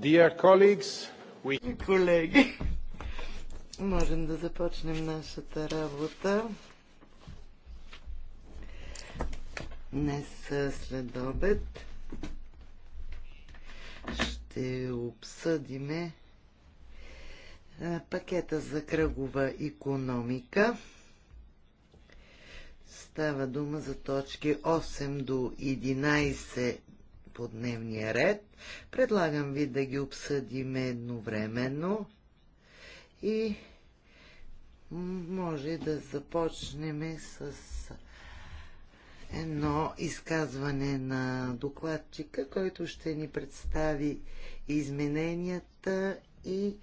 Dear colleagues, we... Колеги, можем да започнем нашата работа. Днес след обед ще обсъдиме пакета за кръгова економика. Става дума за точки 8 до 11 по дневния ред. Предлагам ви да ги обсъдим едновременно и може да започнем с едно изказване на докладчика, който ще ни представи измененията и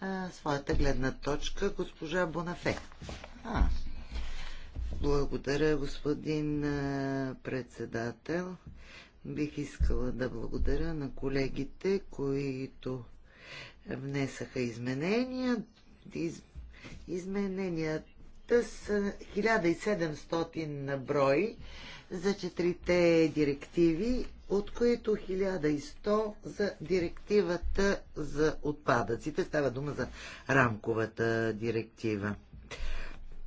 а, своята гледна точка, госпожа Бонафе. А, благодаря, господин председател. Бих искала да благодаря на колегите, които внесаха изменения. Из... Измененията са 1700 на брой за четирите директиви, от които 1100 за директивата за отпадъците. Става дума за рамковата директива.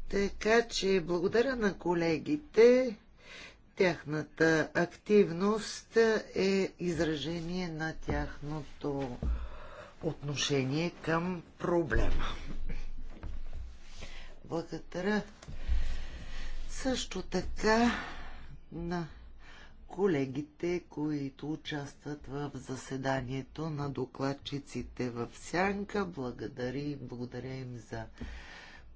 Така че благодаря на колегите. Тяхната активност е изражение на тяхното отношение към проблема. Благодаря също така на колегите, които участват в заседанието на докладчиците в Сянка. Благодаря, благодаря им за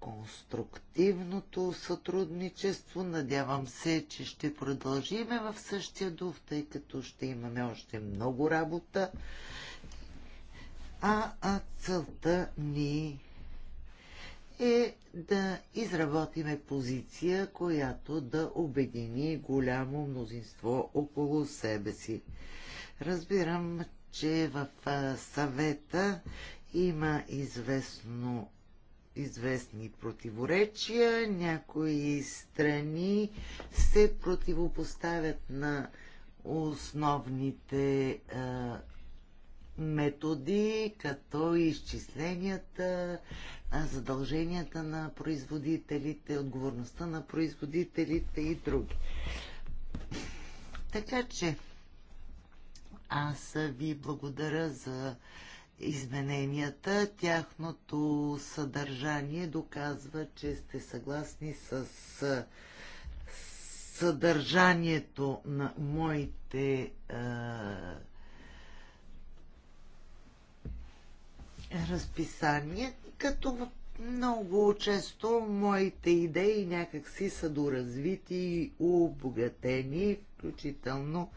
конструктивното сътрудничество. Надявам се, че ще продължиме в същия дух, тъй като ще имаме още много работа. А, а целта ни е да изработиме позиция, която да обедини голямо мнозинство около себе си. Разбирам, че в съвета има известно известни противоречия. Някои страни се противопоставят на основните а, методи, като изчисленията, задълженията на производителите, отговорността на производителите и други. Така че аз ви благодаря за измененията. Тяхното съдържание доказва, че сте съгласни с съдържанието на моите а, е, разписания, като много често моите идеи някакси са доразвити и обогатени, включително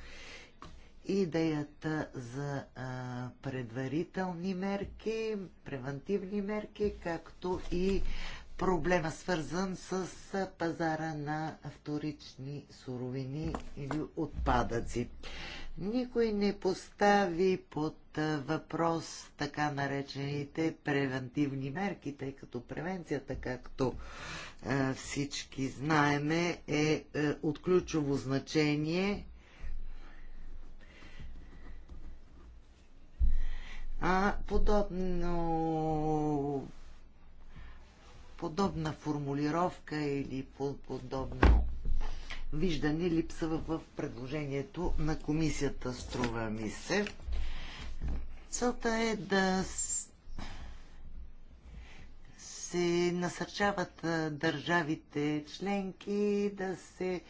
идеята за а, предварителни мерки, превентивни мерки, както и проблема свързан с пазара на вторични суровини или отпадъци. Никой не постави под въпрос така наречените превентивни мерки, тъй като превенцията, както всички знаеме, е, е от ключово значение а подобно подобна формулировка или подобно виждане липсва в предложението на комисията, струва ми се. Целта е да се насърчават държавите членки да се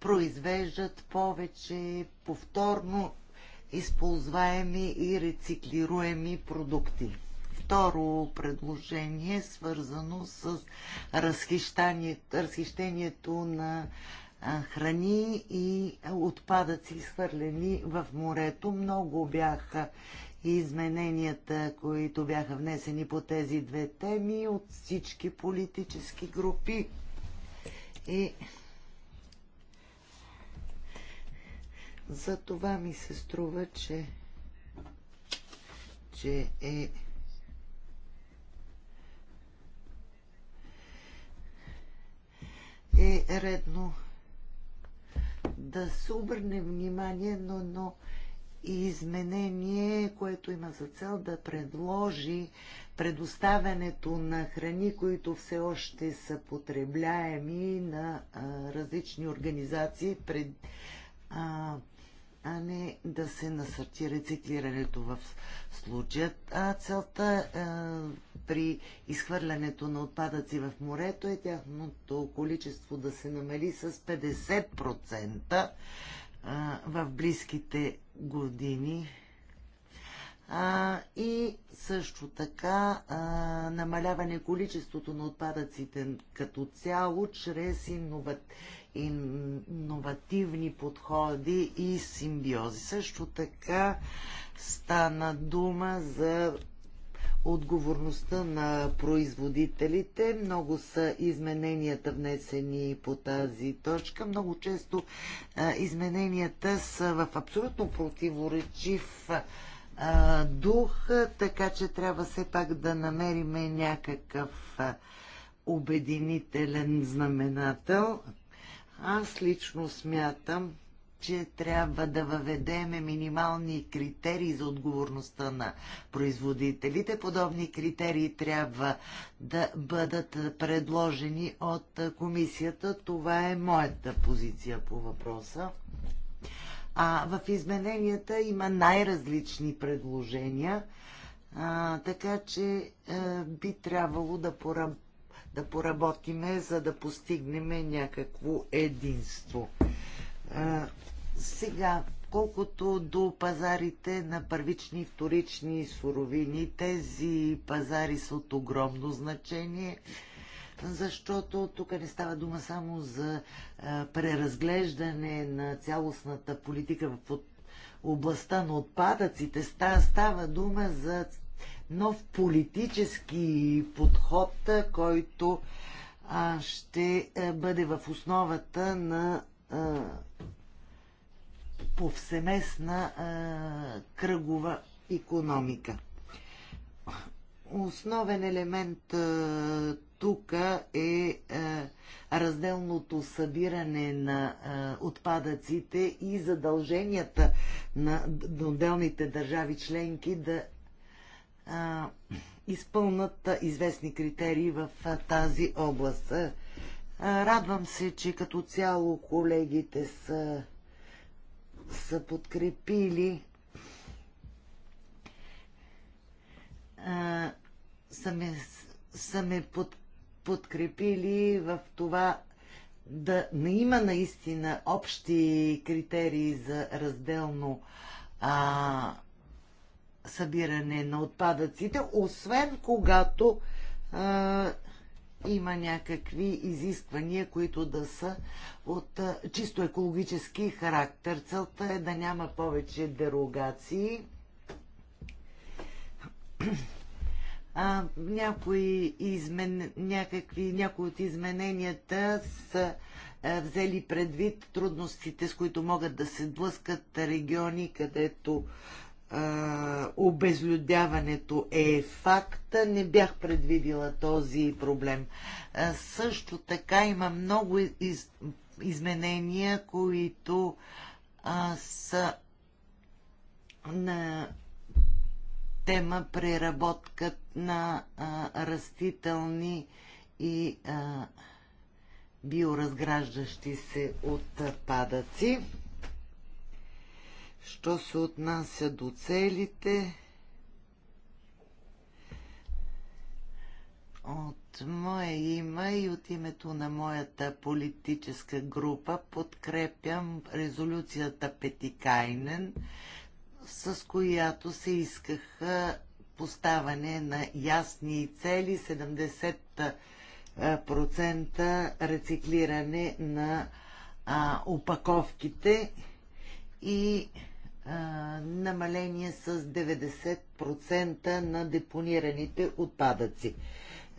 произвеждат повече повторно използваеми и рециклируеми продукти. Второ предложение е свързано с разхищението на храни и отпадъци, свърлени в морето. Много бяха измененията, които бяха внесени по тези две теми от всички политически групи. И За това ми се струва, че, че е е редно да се обърне внимание, но, но изменение, което има за цел да предложи предоставянето на храни, които все още са потребляеми на а, различни организации пред, а, а не да се насърчи рециклирането в случая. А целта е, при изхвърлянето на отпадъци в морето е тяхното количество да се намали с 50% в близките години а, и също така а, намаляване количеството на отпадъците като цяло чрез иннова... инновативни подходи и симбиози. Също така стана дума за отговорността на производителите. Много са измененията внесени по тази точка. Много често а, измененията са в абсолютно противоречив а, а, дух, така че трябва все пак да намериме някакъв а, обединителен знаменател. Аз лично смятам, че трябва да въведеме минимални критерии за отговорността на производителите. Подобни критерии трябва да бъдат предложени от комисията. Това е моята позиция по въпроса. А в измененията има най-различни предложения, а, така че а, би трябвало да, пораб, да поработиме, за да постигнем някакво единство. А, сега, колкото до пазарите на първични и вторични суровини, тези пазари са от огромно значение защото тук не става дума само за е, преразглеждане на цялостната политика в областта на отпадъците. Става дума за нов политически подход, който ще е, бъде в основата на е, повсеместна кръгова економика. Основен елемент тук е, е разделното събиране на е, отпадъците и задълженията на отделните държави членки да е, изпълнат известни критерии в тази област. Радвам се, че като цяло колегите са, са подкрепили са ме, са ме под, подкрепили в това да не има наистина общи критерии за разделно а, събиране на отпадъците, освен когато а, има някакви изисквания, които да са от а, чисто екологически характер. Целта е да няма повече дерогации а, някои, измен, някакви, някои от измененията са а, е, взели предвид трудностите, с които могат да се блъскат региони, където а, е, обезлюдяването е факт. Не бях предвидила този проблем. А, е, също така има много из, изменения, които а, са на система преработка на а, растителни и а, биоразграждащи се отпадъци. Що се отнася до целите, от мое име и от името на моята политическа група подкрепям резолюцията Петикайнен с която се искаха поставане на ясни цели 70% рециклиране на а, упаковките и а, намаление с 90% на депонираните отпадъци.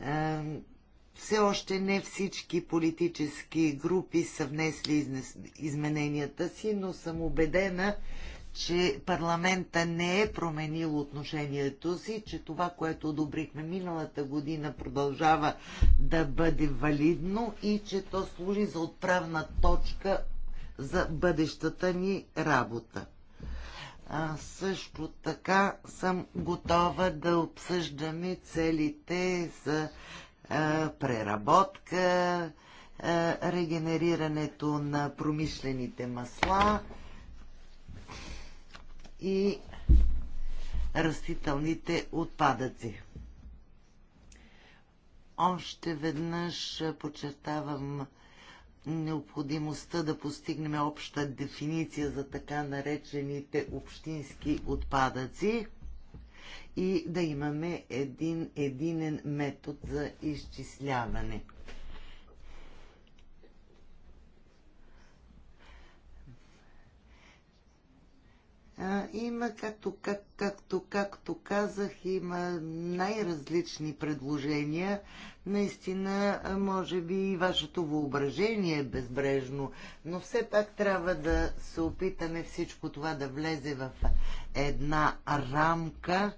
А, все още не всички политически групи са внесли измененията си, но съм убедена, че парламента не е променил отношението си, че това, което одобрихме миналата година, продължава да бъде валидно и че то служи за отправна точка за бъдещата ни работа. А, също така съм готова да обсъждаме целите за а, преработка, а, регенерирането на промишлените масла, и растителните отпадъци. Още веднъж подчертавам необходимостта да постигнем обща дефиниция за така наречените общински отпадъци и да имаме един единен метод за изчисляване. Има, както, как, както, както казах, има най-различни предложения. Наистина, може би и вашето въображение е безбрежно, но все пак трябва да се опитаме всичко това да влезе в една рамка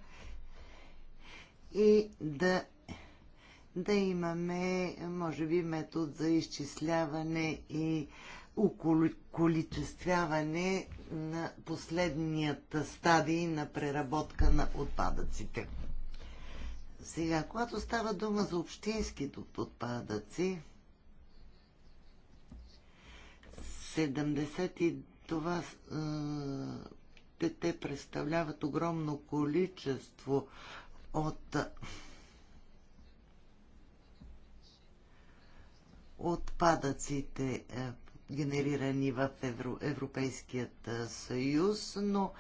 и да, да имаме, може би, метод за изчисляване и околичествяване на последнията стадий на преработка на отпадъците. Сега, когато става дума за общинските отпадъци, 70 и това е, те представляват огромно количество от отпадъците генерирани в Европейският съюз, но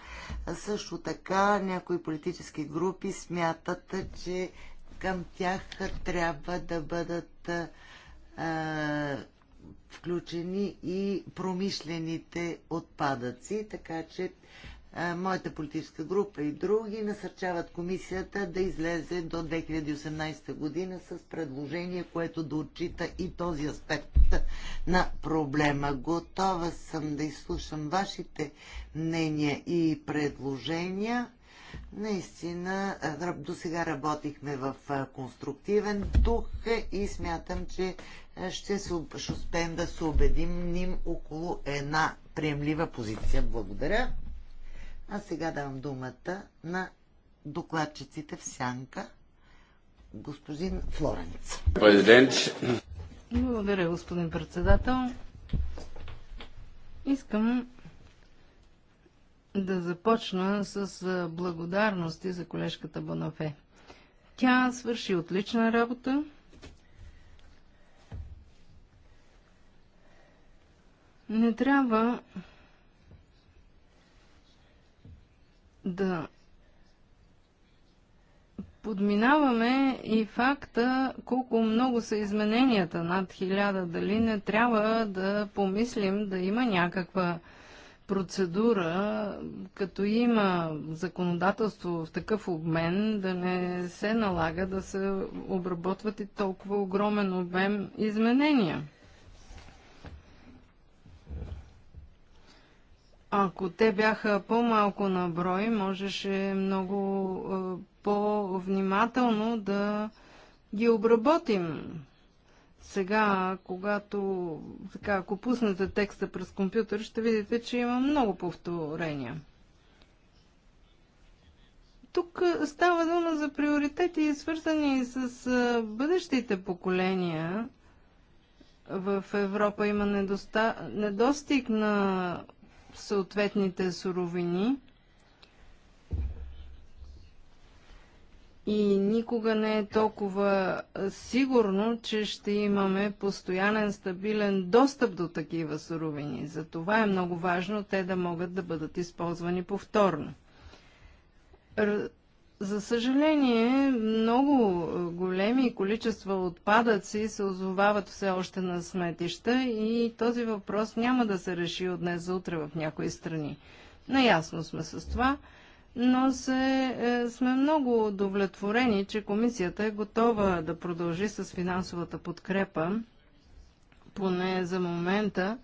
също така някои политически групи смятат, че към тях трябва да бъдат включени и промишлените отпадъци, така че моята политическа група и други насърчават комисията да излезе до 2018 година с предложение, което да отчита и този аспект на проблема. Готова съм да изслушам вашите мнения и предложения. Наистина, до сега работихме в конструктивен дух и смятам, че ще, се, ще успеем да се убедим ним около една приемлива позиция. Благодаря. А сега давам думата на докладчиците в Сянка, господин Флоренц. Президент. Благодаря, господин председател. Искам да започна с благодарности за колежката Бонафе. Тя свърши отлична работа. Не трябва да подминаваме и факта колко много са измененията над хиляда. Дали не трябва да помислим да има някаква процедура, като има законодателство в такъв обмен, да не се налага да се обработват и толкова огромен обем изменения. Ако те бяха по-малко на брой, можеше много е, по-внимателно да ги обработим. Сега, когато така, ако пуснете текста през компютър, ще видите, че има много повторения. Тук е, става дума за приоритети, свързани с е, бъдещите поколения. В Европа има недостиг на съответните суровини. И никога не е толкова сигурно, че ще имаме постоянен, стабилен достъп до такива суровини. Затова е много важно те да могат да бъдат използвани повторно за съжаление, много големи количества отпадъци се озовават все още на сметища и този въпрос няма да се реши от днес за утре в някои страни. Наясно сме с това, но се, е, сме много удовлетворени, че комисията е готова да продължи с финансовата подкрепа, поне за момента,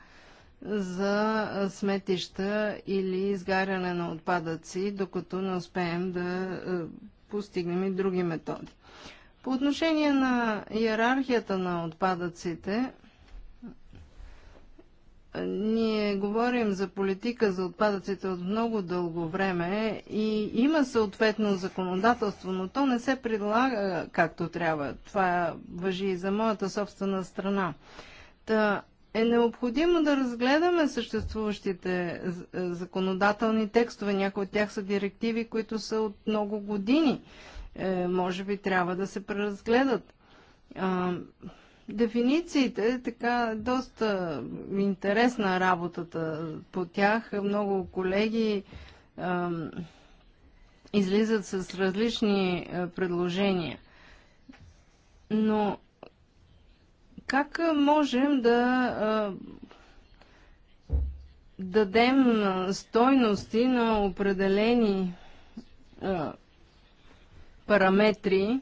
за сметища или изгаряне на отпадъци, докато не успеем да е, постигнем и други методи. По отношение на иерархията на отпадъците, ние говорим за политика за отпадъците от много дълго време и има съответно законодателство, но то не се прилага както трябва. Това въжи и за моята собствена страна. Та, е необходимо да разгледаме съществуващите е, законодателни текстове. Някои от тях са директиви, които са от много години. Е, може би трябва да се преразгледат. А, дефинициите, така, доста интересна работата по тях. Много колеги а, излизат с различни а, е, предложения. Но как можем да дадем стойности на определени параметри,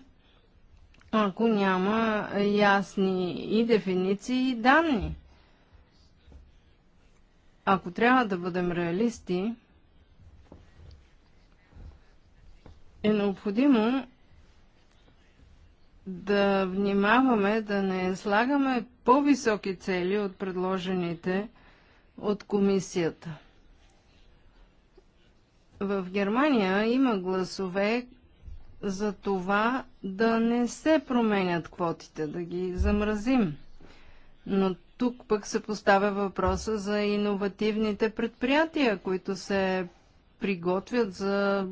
ако няма ясни и дефиниции и данни? Ако трябва да бъдем реалисти, е необходимо да внимаваме да не слагаме по-високи цели от предложените от комисията. В Германия има гласове за това да не се променят квотите, да ги замразим. Но тук пък се поставя въпроса за иновативните предприятия, които се приготвят за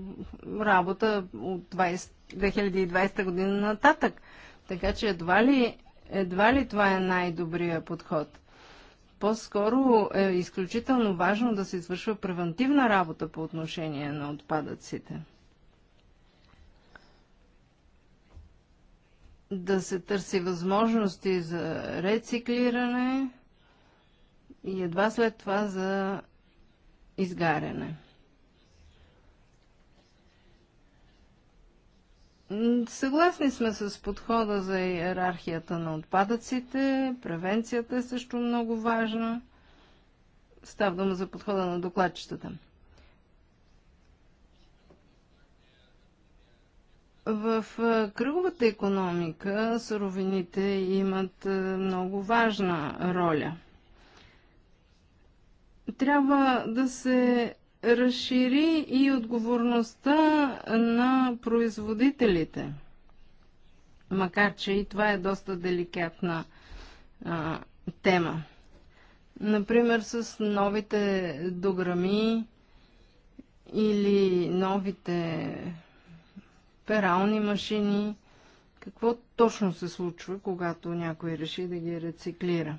работа от 20 2020 година нататък. Така че едва ли, едва ли това е най-добрия подход. По-скоро е изключително важно да се извършва превентивна работа по отношение на отпадъците. Да се търси възможности за рециклиране и едва след това за изгаряне. Съгласни сме с подхода за иерархията на отпадъците. Превенцията е също много важна. Става дума за подхода на докладчетата. В кръговата економика суровините имат много важна роля. Трябва да се разшири и отговорността на производителите. Макар, че и това е доста деликатна а, тема. Например, с новите дограми или новите перални машини. Какво точно се случва, когато някой реши да ги рециклира?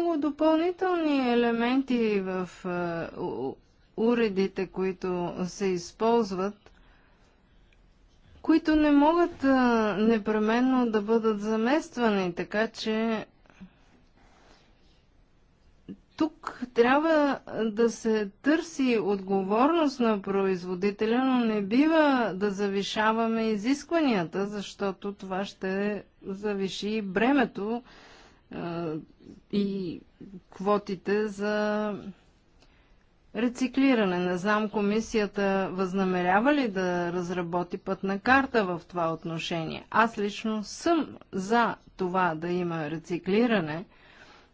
много допълнителни елементи в уредите, които се използват, които не могат непременно да бъдат замествани, така че тук трябва да се търси отговорност на производителя, но не бива да завишаваме изискванията, защото това ще завиши бремето и квотите за рециклиране. Не знам, комисията възнамерява ли да разработи пътна карта в това отношение. Аз лично съм за това да има рециклиране,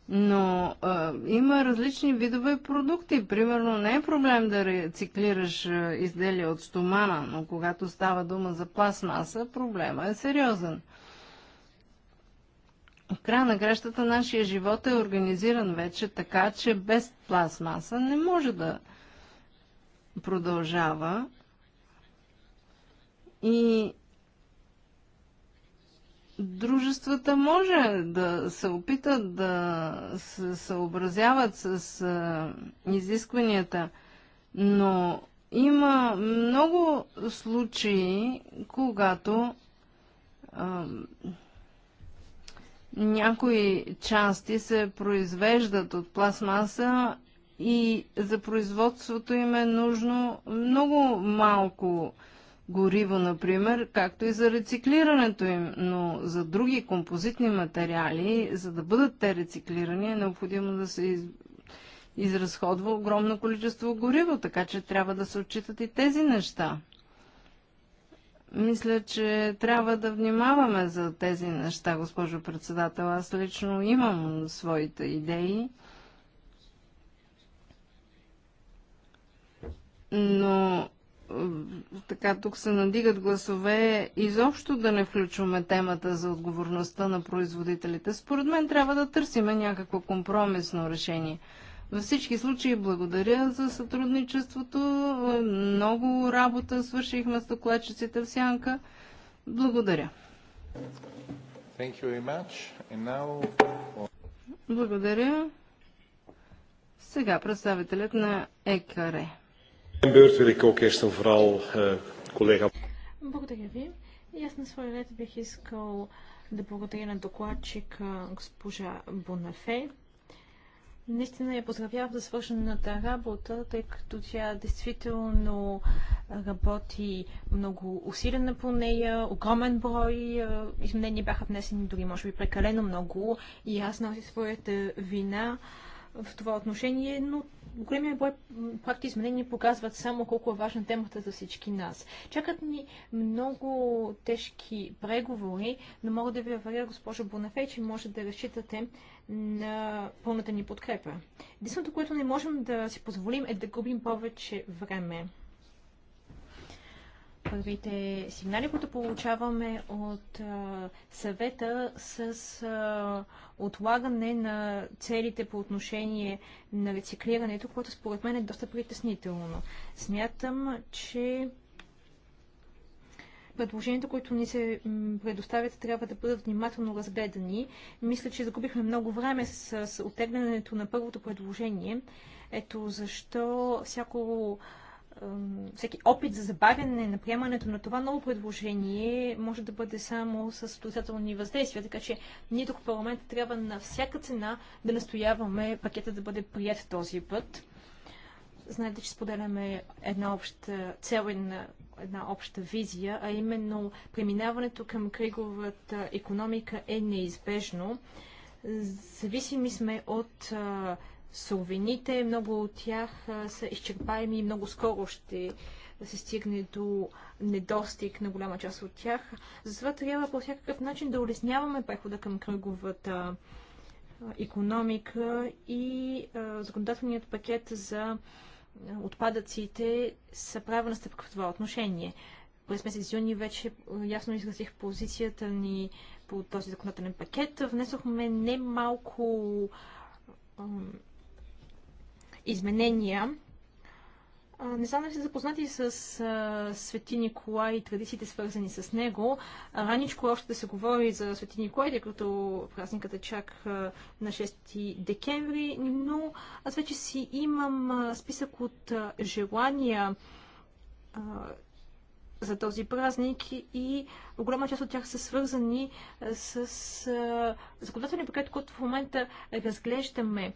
но а, има различни видове продукти. Примерно не е проблем да рециклираш изделия от стомана, но когато става дума за пластмаса, проблема е сериозен в края на грещата нашия живот е организиран вече така, че без пластмаса не може да продължава. И дружествата може да се опитат да се съобразяват с изискванията, но има много случаи, когато някои части се произвеждат от пластмаса и за производството им е нужно много малко гориво, например, както и за рециклирането им, но за други композитни материали, за да бъдат те рециклирани, е необходимо да се из... изразходва огромно количество гориво, така че трябва да се отчитат и тези неща. Мисля, че трябва да внимаваме за тези неща, госпожо председател. Аз лично имам своите идеи. Но така тук се надигат гласове изобщо да не включваме темата за отговорността на производителите. Според мен трябва да търсиме някакво компромисно решение. Във всички случаи благодаря за сътрудничеството. Много работа свършихме с докладчиците в Сянка. Благодаря. Now... Благодаря. Сега представителят на ЕКР. Благодаря ви. И аз на своя ред бих искал да благодаря на докладчик госпожа Бонафе Наистина я поздравявам за свършената работа, тъй като тя действително работи много усилена по нея, огромен брой изменения бяха внесени, дори може би прекалено много и аз нося своята вина в това отношение, но големия бой факти изменения показват само колко е важна темата за всички нас. Чакат ни много тежки преговори, но мога да ви уверя, госпожо Бонафей, че може да разчитате на пълната ни подкрепа. Единственото, което не можем да си позволим е да губим повече време. Първите сигнали, които получаваме от а, съвета с а, отлагане на целите по отношение на рециклирането, което според мен е доста притеснително. Смятам, че предложенията, които ни се предоставят, трябва да бъдат внимателно разгледани. Мисля, че загубихме много време с, с оттеглянето на първото предложение. Ето защо всяко всеки опит за забавяне на приемането на това ново предложение може да бъде само с отрицателни въздействия, така че ние тук в парламента трябва на всяка цена да настояваме пакета да бъде прият този път. Знаете, че споделяме една обща цел и една обща визия, а именно преминаването към кръговата економика е неизбежно. Зависими сме от а, суровините. Много от тях са изчерпаеми и много скоро ще се стигне до недостиг на голяма част от тях. Затова трябва по всякакъв начин да улесняваме прехода към кръговата економика и законодателният пакет за отпадъците са правена стъпка в това отношение. През месец юни вече ясно изразих позицията ни по този законодателен пакет. Внесохме немалко изменения. Не знам дали сте запознати с а, Свети Николай и традициите, свързани с него. Раничко още да се говори за Свети Николай, тъй като празникът е чак а, на 6 декември, но аз вече си имам а, списък от а, желания а, за този празник и голяма част от тях са свързани а, с законодателния пакет, който в момента разглеждаме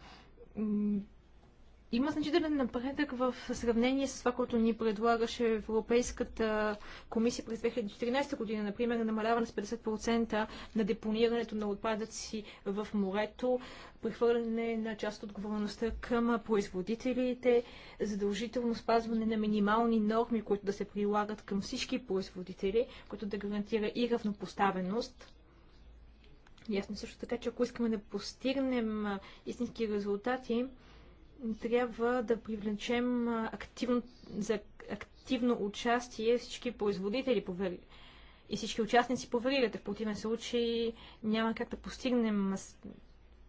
има значителен напредък в сравнение с това, което ни предлагаше Европейската комисия през 2014 година, например, намаляване с 50% на депонирането на отпадъци в морето, прехвърляне на част от отговорността към производителите, задължително спазване на минимални норми, които да се прилагат към всички производители, които да гарантира и равнопоставеност. Ясно също така, че ако искаме да постигнем истински резултати, трябва да привлечем активно, за активно участие всички производители по вери и всички участници по веригата. В противен случай няма как да постигнем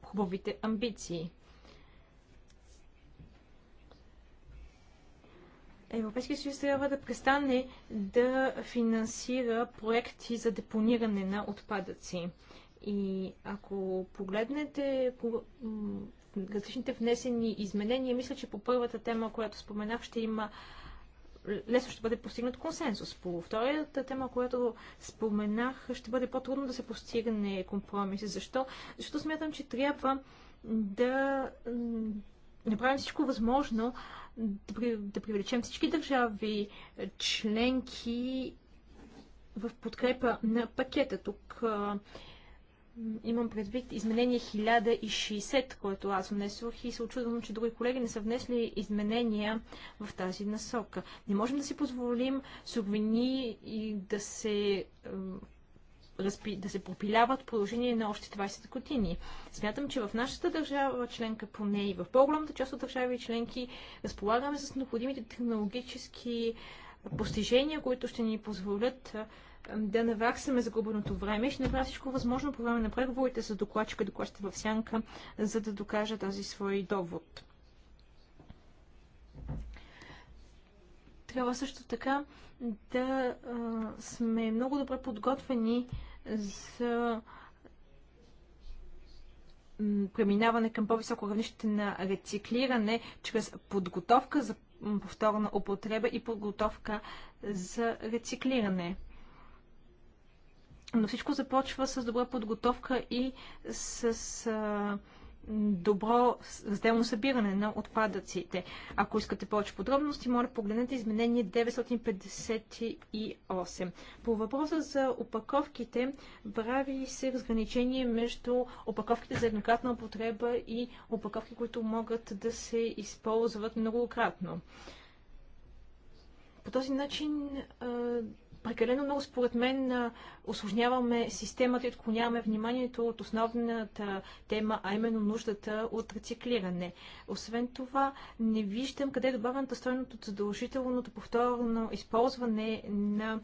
хубавите амбиции. Европейския съюз трябва да престане да финансира проекти за депониране на отпадъци. И ако погледнете различните внесени изменения, мисля, че по първата тема, която споменах, ще има лесно ще бъде постигнат консенсус. По втората тема, която споменах, ще бъде по-трудно да се постигне компромис. Защо? Защото смятам, че трябва да направим всичко възможно да, при, да привлечем всички държави, членки в подкрепа на пакета. Тук Имам предвид изменение 1060, което аз внесох и се очудвам, че други колеги не са внесли изменения в тази насока. Не можем да си позволим суровини и да се да се пропиляват положение продължение на още 20 години. Смятам, че в нашата държава членка, поне и в по-голямата част от държави и членки, разполагаме с необходимите технологически постижения, които ще ни позволят да наваксаме загубеното време. Ще направя всичко възможно по време на преговорите с докладчика, докладчите в сянка, за да докажа този свой довод. Трябва също така да а, сме много добре подготвени за преминаване към по-високо равнище на рециклиране чрез подготовка за повторна употреба и подготовка за рециклиране. Но всичко започва с добра подготовка и с а, добро разделно събиране на отпадъците. Ако искате повече подробности, моля да погледнете изменение 958. По въпроса за опаковките, прави се разграничение между опаковките за еднократна употреба и опаковки, които могат да се използват многократно. По този начин прекалено много, според мен, осложняваме системата и отклоняваме вниманието от основната тема, а именно нуждата от рециклиране. Освен това, не виждам къде е добавената стойност от задължителното повторно използване на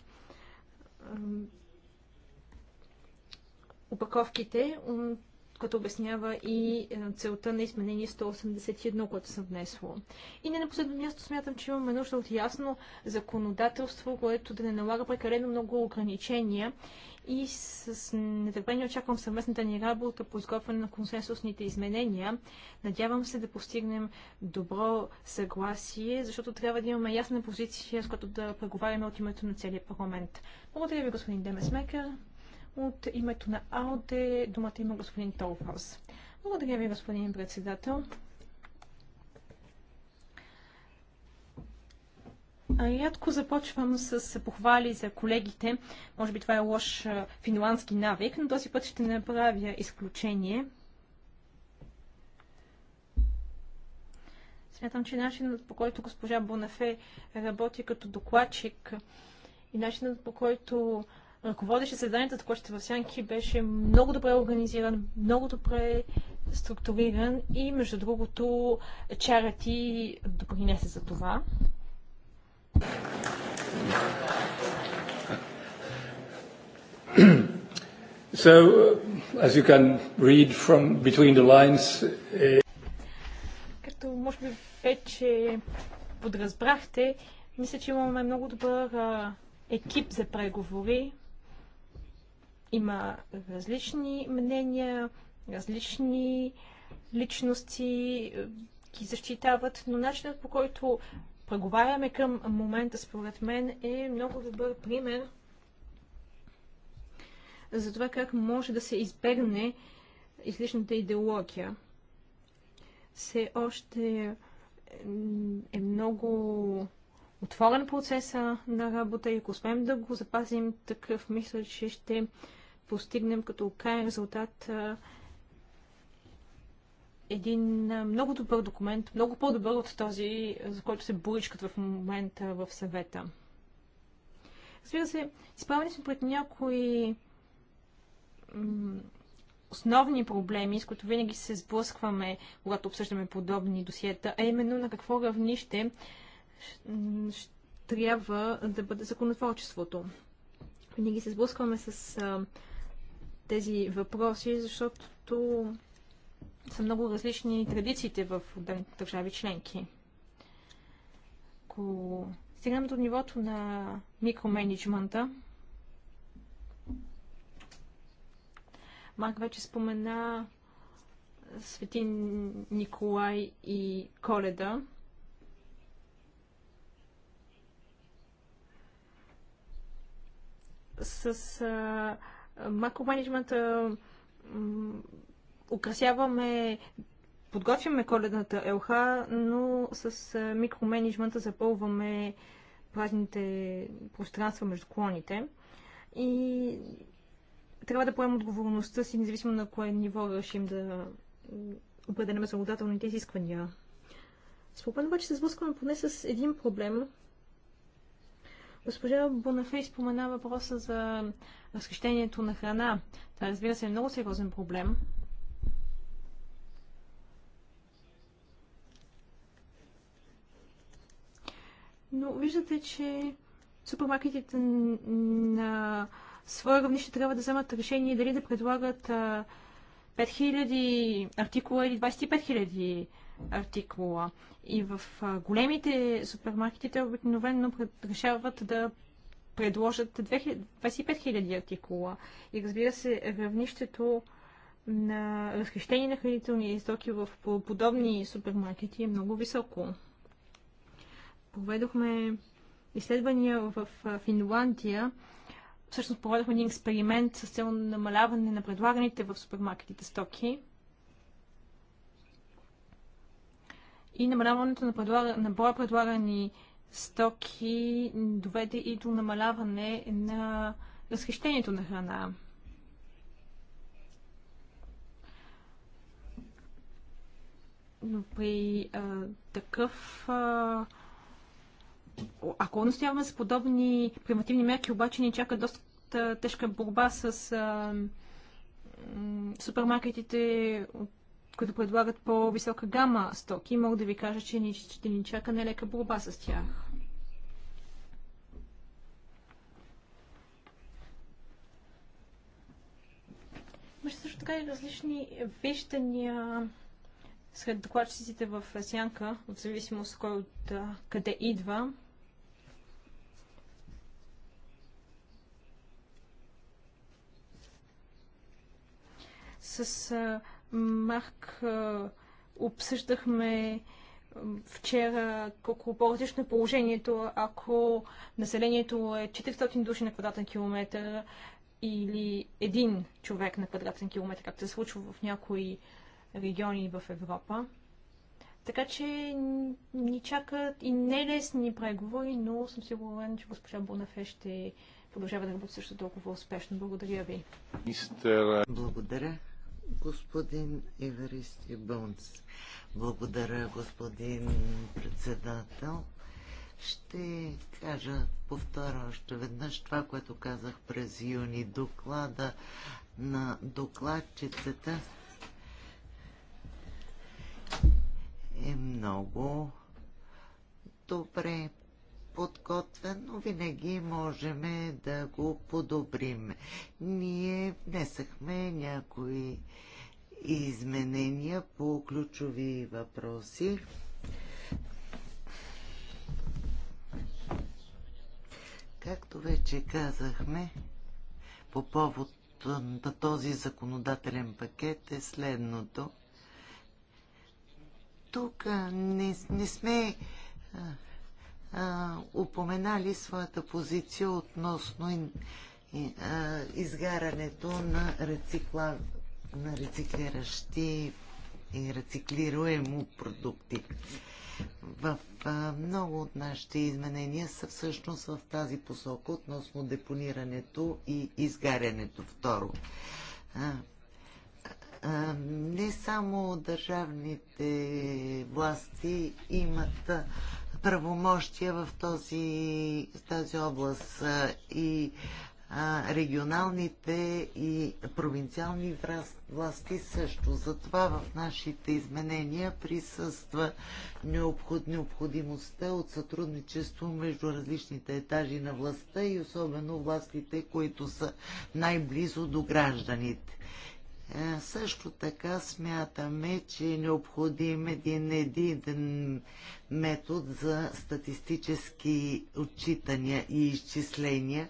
упаковките, като обяснява и е, целта на изменение 181, което съм внесло. И не на последно място смятам, че имаме нужда от ясно законодателство, което да не налага прекалено много ограничения и с нетърпение очаквам съвместната ни работа по изготвяне на консенсусните изменения. Надявам се да постигнем добро съгласие, защото трябва да имаме ясна позиция, с която да преговаряме от името на целия парламент. Благодаря ви, господин Демесмекер. От името на АОДЕ думата има господин Толфас. Благодаря ви, господин председател. Рядко започвам с похвали за колегите. Може би това е лош финландски навик, но този път ще направя изключение. Смятам, че начинът по който госпожа Бонафе работи като докладчик и начинът по който ръководеше създанието, от ще в Сянки беше много добре организиран, много добре структуриран и между другото ти допринесе за това. So, as you can read from between the lines, Като може би вече подразбрахте, мисля, че имаме много добър екип за преговори, има различни мнения, различни личности е, ги защитават, но начинът по който преговаряме към момента, според мен, е много добър пример за това как може да се избегне излишната идеология. Все още е, е много отворен процеса на работа и ако успеем да го запазим такъв, мисля, че ще постигнем като крайен резултат един много добър документ, много по-добър от този, за който се боричкат в момента в съвета. Разбира се, изправени сме пред някои основни проблеми, с които винаги се сблъскваме, когато обсъждаме подобни досиета, а именно на какво равнище трябва да бъде законотворчеството. Винаги се сблъскваме с тези въпроси, защото са много различни традициите в отделните държави членки. Ако стигнем до нивото на микроменеджмента, Марк вече спомена Свети Николай и Коледа. С а, макроменеджмента украсяваме, подготвяме коледната ЛХ, но с микроменеджмента запълваме празните пространства между клоните. И трябва да поемем отговорността си, независимо на кое ниво решим да определяме законодателните изисквания. Според обаче се сблъскваме поне с един проблем, Госпожа Бонафей спомена въпроса за разхищението на храна. Това разбира се е много сериозен проблем. Но виждате, че супермаркетите на своя равнище трябва да вземат решение дали да предлагат 5000 артикула или 25 000 артикула. И в големите супермаркети те обикновено решават да предложат 25 000 артикула. И разбира се, равнището на разхищение на хранителни стоки в подобни супермаркети е много високо. Проведохме изследвания в Финландия. Всъщност проведохме един експеримент с цел намаляване на предлаганите в супермаркетите стоки. и намаляването на, предлага, на броя предлагани стоки доведе и до намаляване на разхищението на храна. Но при а, такъв а, ако настояваме с подобни примативни мерки, обаче ни чака доста тежка борба с а, супермаркетите от които предлагат по-висока гама стоки, мога да ви кажа, че ни, ще ни чака нелека борба с тях. Имаше също така и различни виждания сред докладчиците в сянка, от зависимост кой от а, къде идва. С а, Марк обсъждахме вчера колко по-различно е положението, ако населението е 400 души на квадратен километър или един човек на квадратен километър, както се случва в някои региони в Европа. Така че ни чакат и нелесни преговори, но съм сигурен, че госпожа Бунафе ще продължава да работи също толкова успешно. Благодаря ви. Благодаря господин Иверисти Бонс. Благодаря, господин председател. Ще кажа, повторя още веднъж това, което казах през юни. Доклада на докладчицата е много добре подготвен, но винаги можем да го подобрим. Ние внесахме някои изменения по ключови въпроси. Както вече казахме, по повод на този законодателен пакет е следното. Тук не, не сме упоменали своята позиция относно изгарането на, рецикла, на рециклиращи и рециклируемо продукти. В много от нашите изменения са всъщност в тази посока относно депонирането и изгарянето. Второ, не само държавните власти имат правомощия в този, тази област и регионалните и провинциални власти също. Затова в нашите изменения присъства необход, необходимостта от сътрудничество между различните етажи на властта и особено властите, които са най-близо до гражданите. Също така смятаме, че е необходим един единен метод за статистически отчитания и изчисления,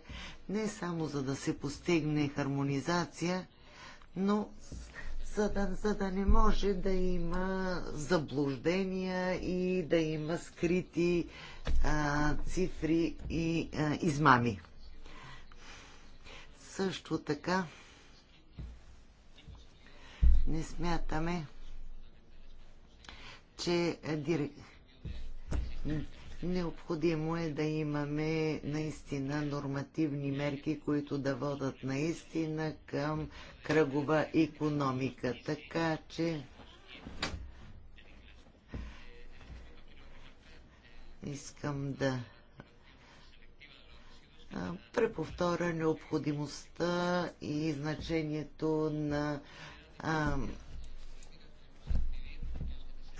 не само за да се постигне хармонизация, но за да, за да не може да има заблуждения и да има скрити а, цифри и а, измами. Също така не смятаме, че необходимо е да имаме наистина нормативни мерки, които да водат наистина към кръгова економика. Така че искам да преповторя необходимостта и значението на а,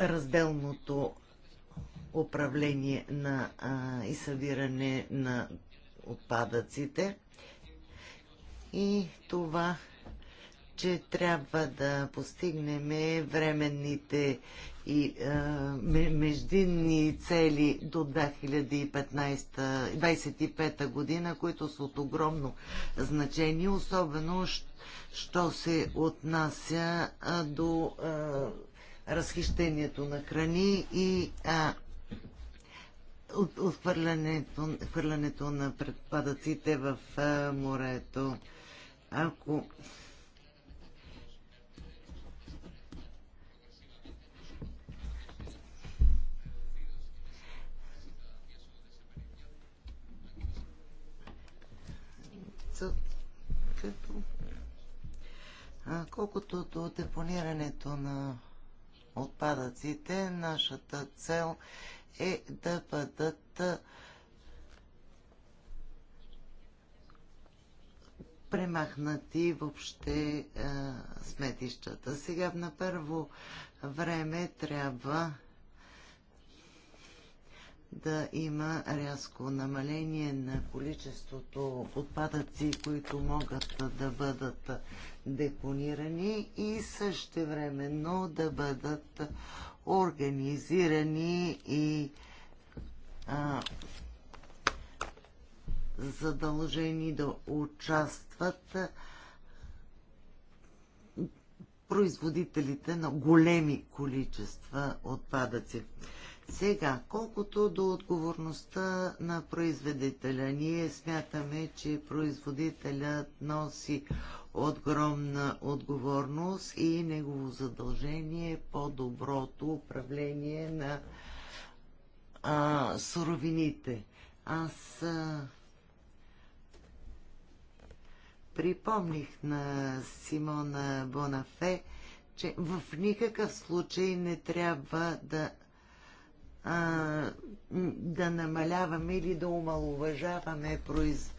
разделното управление на а, и събиране на отпадъците и това, че трябва да постигнем временните и а, междинни цели до 2025 година, които са от огромно значение, особено що се отнася до разхищението на храни и отхвърлянето на предпадъците в морето. Ако като Колкото до депонирането на отпадъците, нашата цел е да бъдат премахнати въобще а, сметищата. Сега на първо време трябва да има рязко намаление на количеството отпадъци, които могат да бъдат депонирани и същевременно да бъдат организирани и а, задължени да участват производителите на големи количества отпадъци. Сега, колкото до отговорността на производителя, ние смятаме, че производителят носи огромна отговорност и негово задължение е по-доброто управление на а, суровините. Аз а, припомних на Симона Бонафе, че в никакъв случай не трябва да а, да намаляваме или да омалуважаваме произ...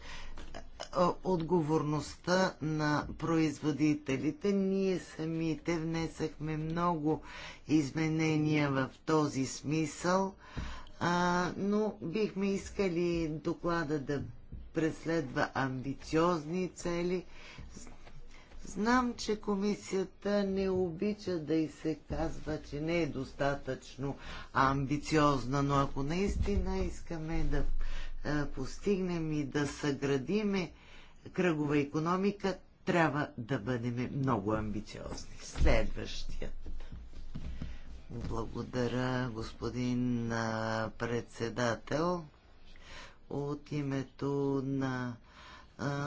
отговорността на производителите. Ние самите внесахме много изменения в този смисъл, а, но бихме искали доклада да преследва амбициозни цели – Знам, че комисията не обича да и се казва, че не е достатъчно амбициозна, но ако наистина искаме да е, постигнем и да съградиме кръгова економика, трябва да бъдем много амбициозни. Следващият. Благодаря, господин председател. От името на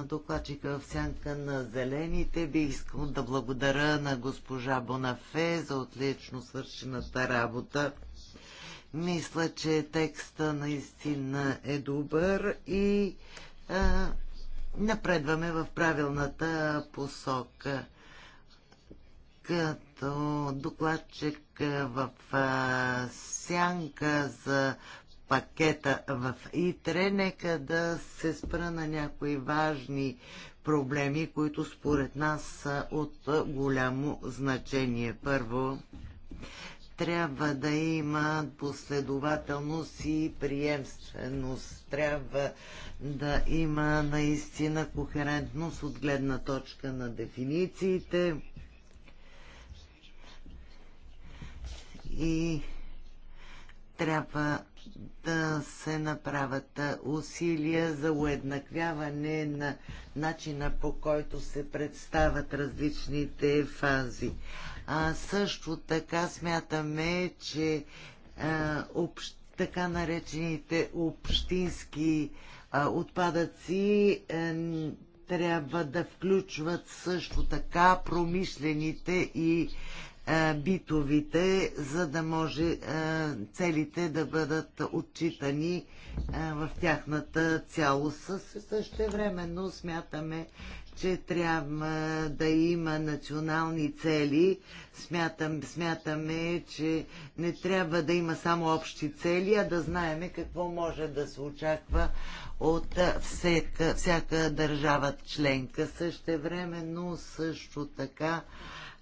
докладчика в сянка на зелените. Бих искал да благодаря на госпожа Бонафе за отлично свършената работа. Мисля, че текста наистина е добър и а, напредваме в правилната посока. Като докладчик в а, сянка за пакета в ИТРЕ, нека да се спра на някои важни проблеми, които според нас са от голямо значение. Първо, трябва да има последователност и приемственост. Трябва да има наистина кохерентност от гледна точка на дефинициите и трябва да се направят усилия за уеднаквяване на начина по който се представят различните фази. А също така смятаме, че а, общ, така наречените общински а, отпадъци а, е, трябва да включват също така промишлените и битовите, за да може целите да бъдат отчитани в тяхната цялост. също но смятаме, че трябва да има национални цели. Смятам, смятаме, че не трябва да има само общи цели, а да знаеме какво може да се очаква от всяка, всяка държава членка. но също така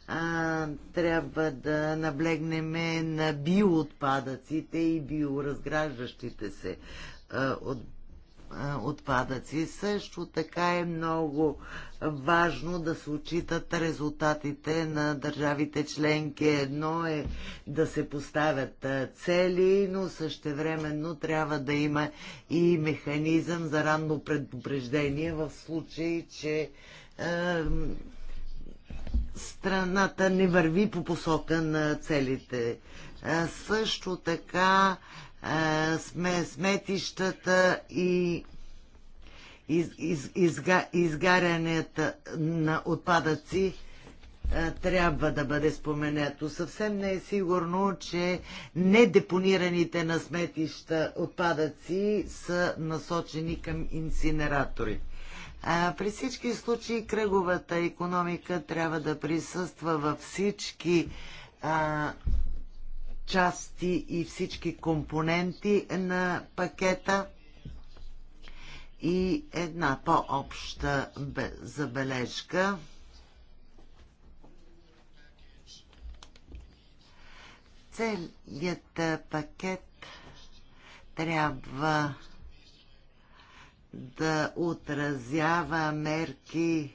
а, трябва да наблегнем на биоотпадъците и биоразграждащите се а, от, а, отпадъци. Също така е много важно да се отчитат резултатите на държавите членки. Едно е да се поставят цели, но същевременно трябва да има и механизъм за ранно предупреждение в случай, че страната не върви по посока на целите. А, също така а, сме сметищата и из, из, изга, изгарянията на отпадъци е, трябва да бъде споменато. Съвсем не е сигурно, че недепонираните на сметища отпадъци са насочени към инсинератори. А, е, при всички случаи кръговата економика трябва да присъства във всички а, е, части и всички компоненти на пакета и една по-обща забележка – целият пакет трябва да отразява мерки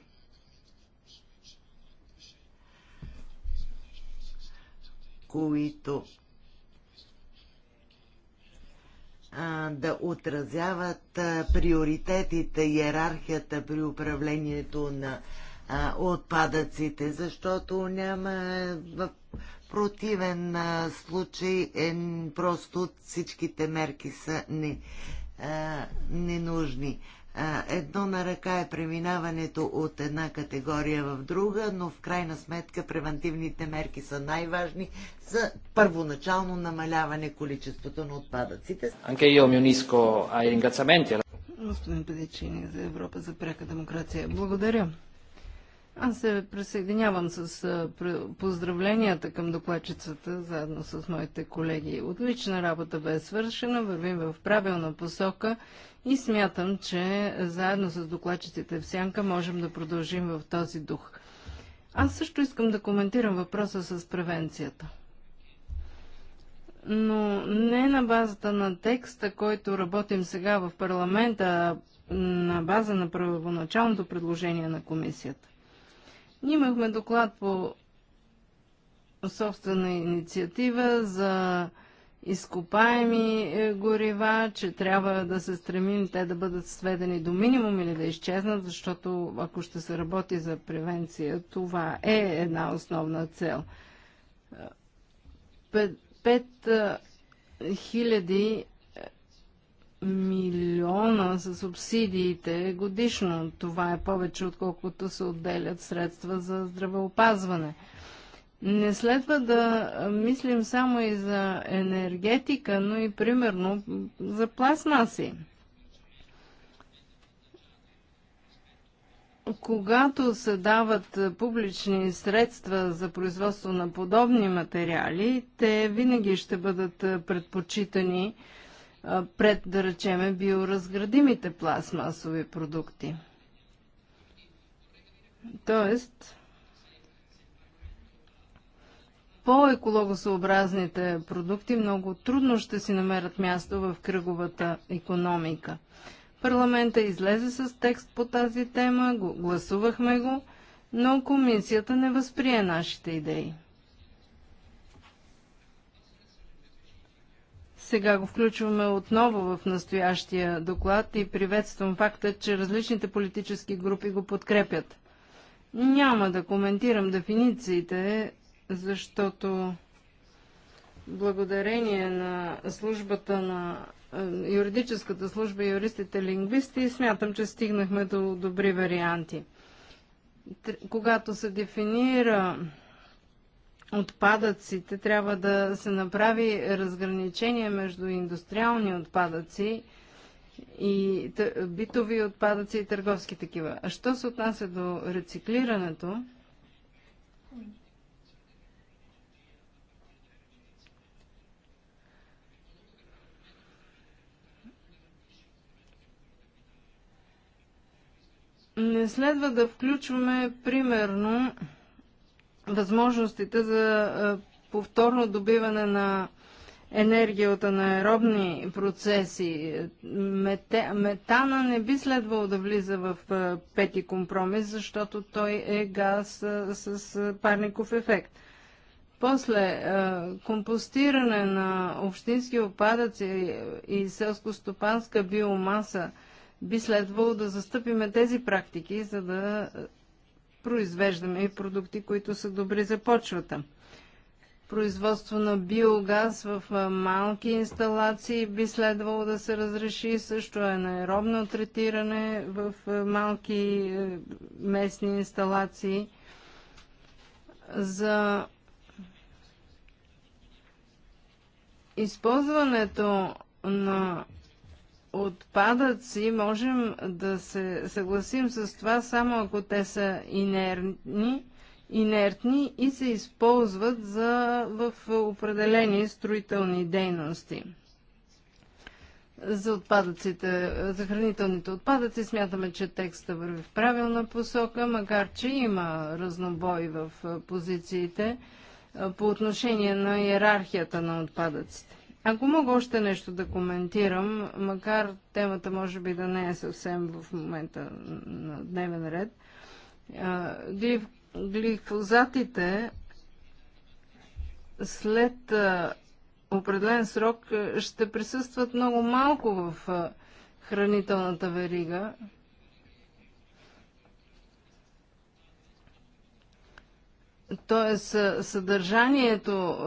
които а, да отразяват а, приоритетите, иерархията при управлението на а, отпадъците, защото няма в противен случай е просто всичките мерки са не, а, ненужни. А, едно на ръка е преминаването от една категория в друга, но в крайна сметка превентивните мерки са най-важни за първоначално намаляване количеството на отпадъците. Анке йо mi unisco Господин Педичини за Европа за пряка демокрация. Благодаря. Аз се присъединявам с поздравленията към докладчицата, заедно с моите колеги. Отлична работа бе свършена, вървим в правилна посока и смятам, че заедно с докладчиците в Сянка можем да продължим в този дух. Аз също искам да коментирам въпроса с превенцията. Но не на базата на текста, който работим сега в парламента, а на база на първоначалното предложение на комисията. Ние имахме доклад по собствена инициатива за изкопаеми е, горива, че трябва да се стремим те да бъдат сведени до минимум или да изчезнат, защото ако ще се работи за превенция, това е една основна цел. Пет, пет хиляди милиона за субсидиите годишно. Това е повече, отколкото се отделят средства за здравеопазване. Не следва да мислим само и за енергетика, но и примерно за пластмаси. Когато се дават публични средства за производство на подобни материали, те винаги ще бъдат предпочитани пред, да речеме, биоразградимите пластмасови продукти. Тоест, по-екологосъобразните продукти много трудно ще си намерят място в кръговата економика. Парламента излезе с текст по тази тема, гласувахме го, но комисията не възприе нашите идеи. Сега го включваме отново в настоящия доклад и приветствам факта, че различните политически групи го подкрепят. Няма да коментирам дефинициите, защото благодарение на службата на е, юридическата служба и юристите лингвисти, смятам, че стигнахме до добри варианти. Когато се дефинира отпадъците трябва да се направи разграничение между индустриални отпадъци и битови отпадъци и търговски такива. А що се отнася до рециклирането, не следва да включваме примерно възможностите за повторно добиване на енергия от анаеробни процеси. Метана не би следвало да влиза в пети компромис, защото той е газ с парников ефект. После компостиране на общински опадъци и селско-стопанска биомаса би следвало да застъпиме тези практики, за да произвеждаме и продукти, които са добри за почвата. Производство на биогаз в малки инсталации би следвало да се разреши, също е наеробно третиране в малки местни инсталации за използването на отпадъци можем да се съгласим с това само ако те са инертни, инертни и се използват за, в определени строителни дейности. За отпадъците, за хранителните отпадъци смятаме, че текста върви в правилна посока, макар че има разнобой в позициите по отношение на иерархията на отпадъците. Ако мога още нещо да коментирам, макар темата може би да не е съвсем в момента на дневен ред, глифозатите след определен срок ще присъстват много малко в хранителната верига, Тоест, е, съдържанието, е,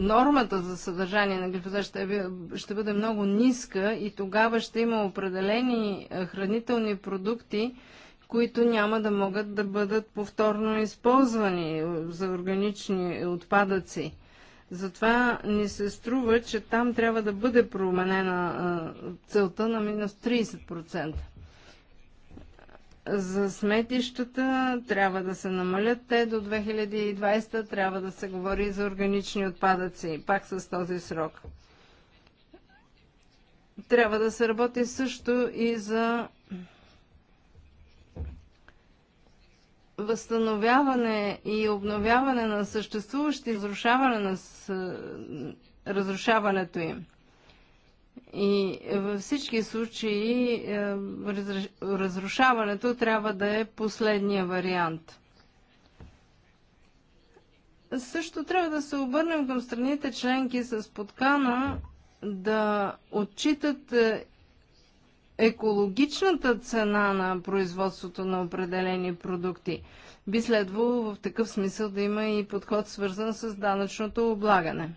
нормата за съдържание на глифозат ще, ще бъде много ниска и тогава ще има определени е, хранителни продукти, които няма да могат да бъдат повторно използвани за органични отпадъци. Затова ни се струва, че там трябва да бъде променена целта на минус 30% за сметищата трябва да се намалят те до 2020, трябва да се говори и за органични отпадъци, пак с този срок. Трябва да се работи също и за възстановяване и обновяване на съществуващи, разрушаване на с... разрушаването им. И във всички случаи е, разрушаването трябва да е последния вариант. Също трябва да се обърнем към страните членки с подкана да отчитат е, екологичната цена на производството на определени продукти. Би следвало в такъв смисъл да има и подход свързан с данъчното облагане.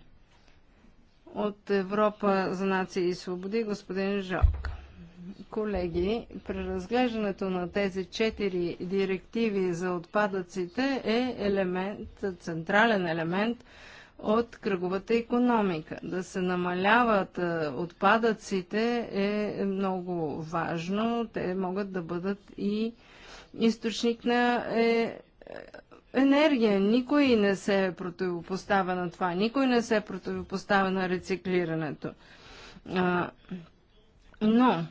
От Европа за нации и свободи, господин Жок. Колеги, преразглеждането на тези четири директиви за отпадъците е елемент, централен елемент от кръговата економика. Да се намаляват е, отпадъците е много важно. Те могат да бъдат и източник на е, енергия. Никой не се е противопоставя на това. Никой не се е противопоставя на рециклирането. А, но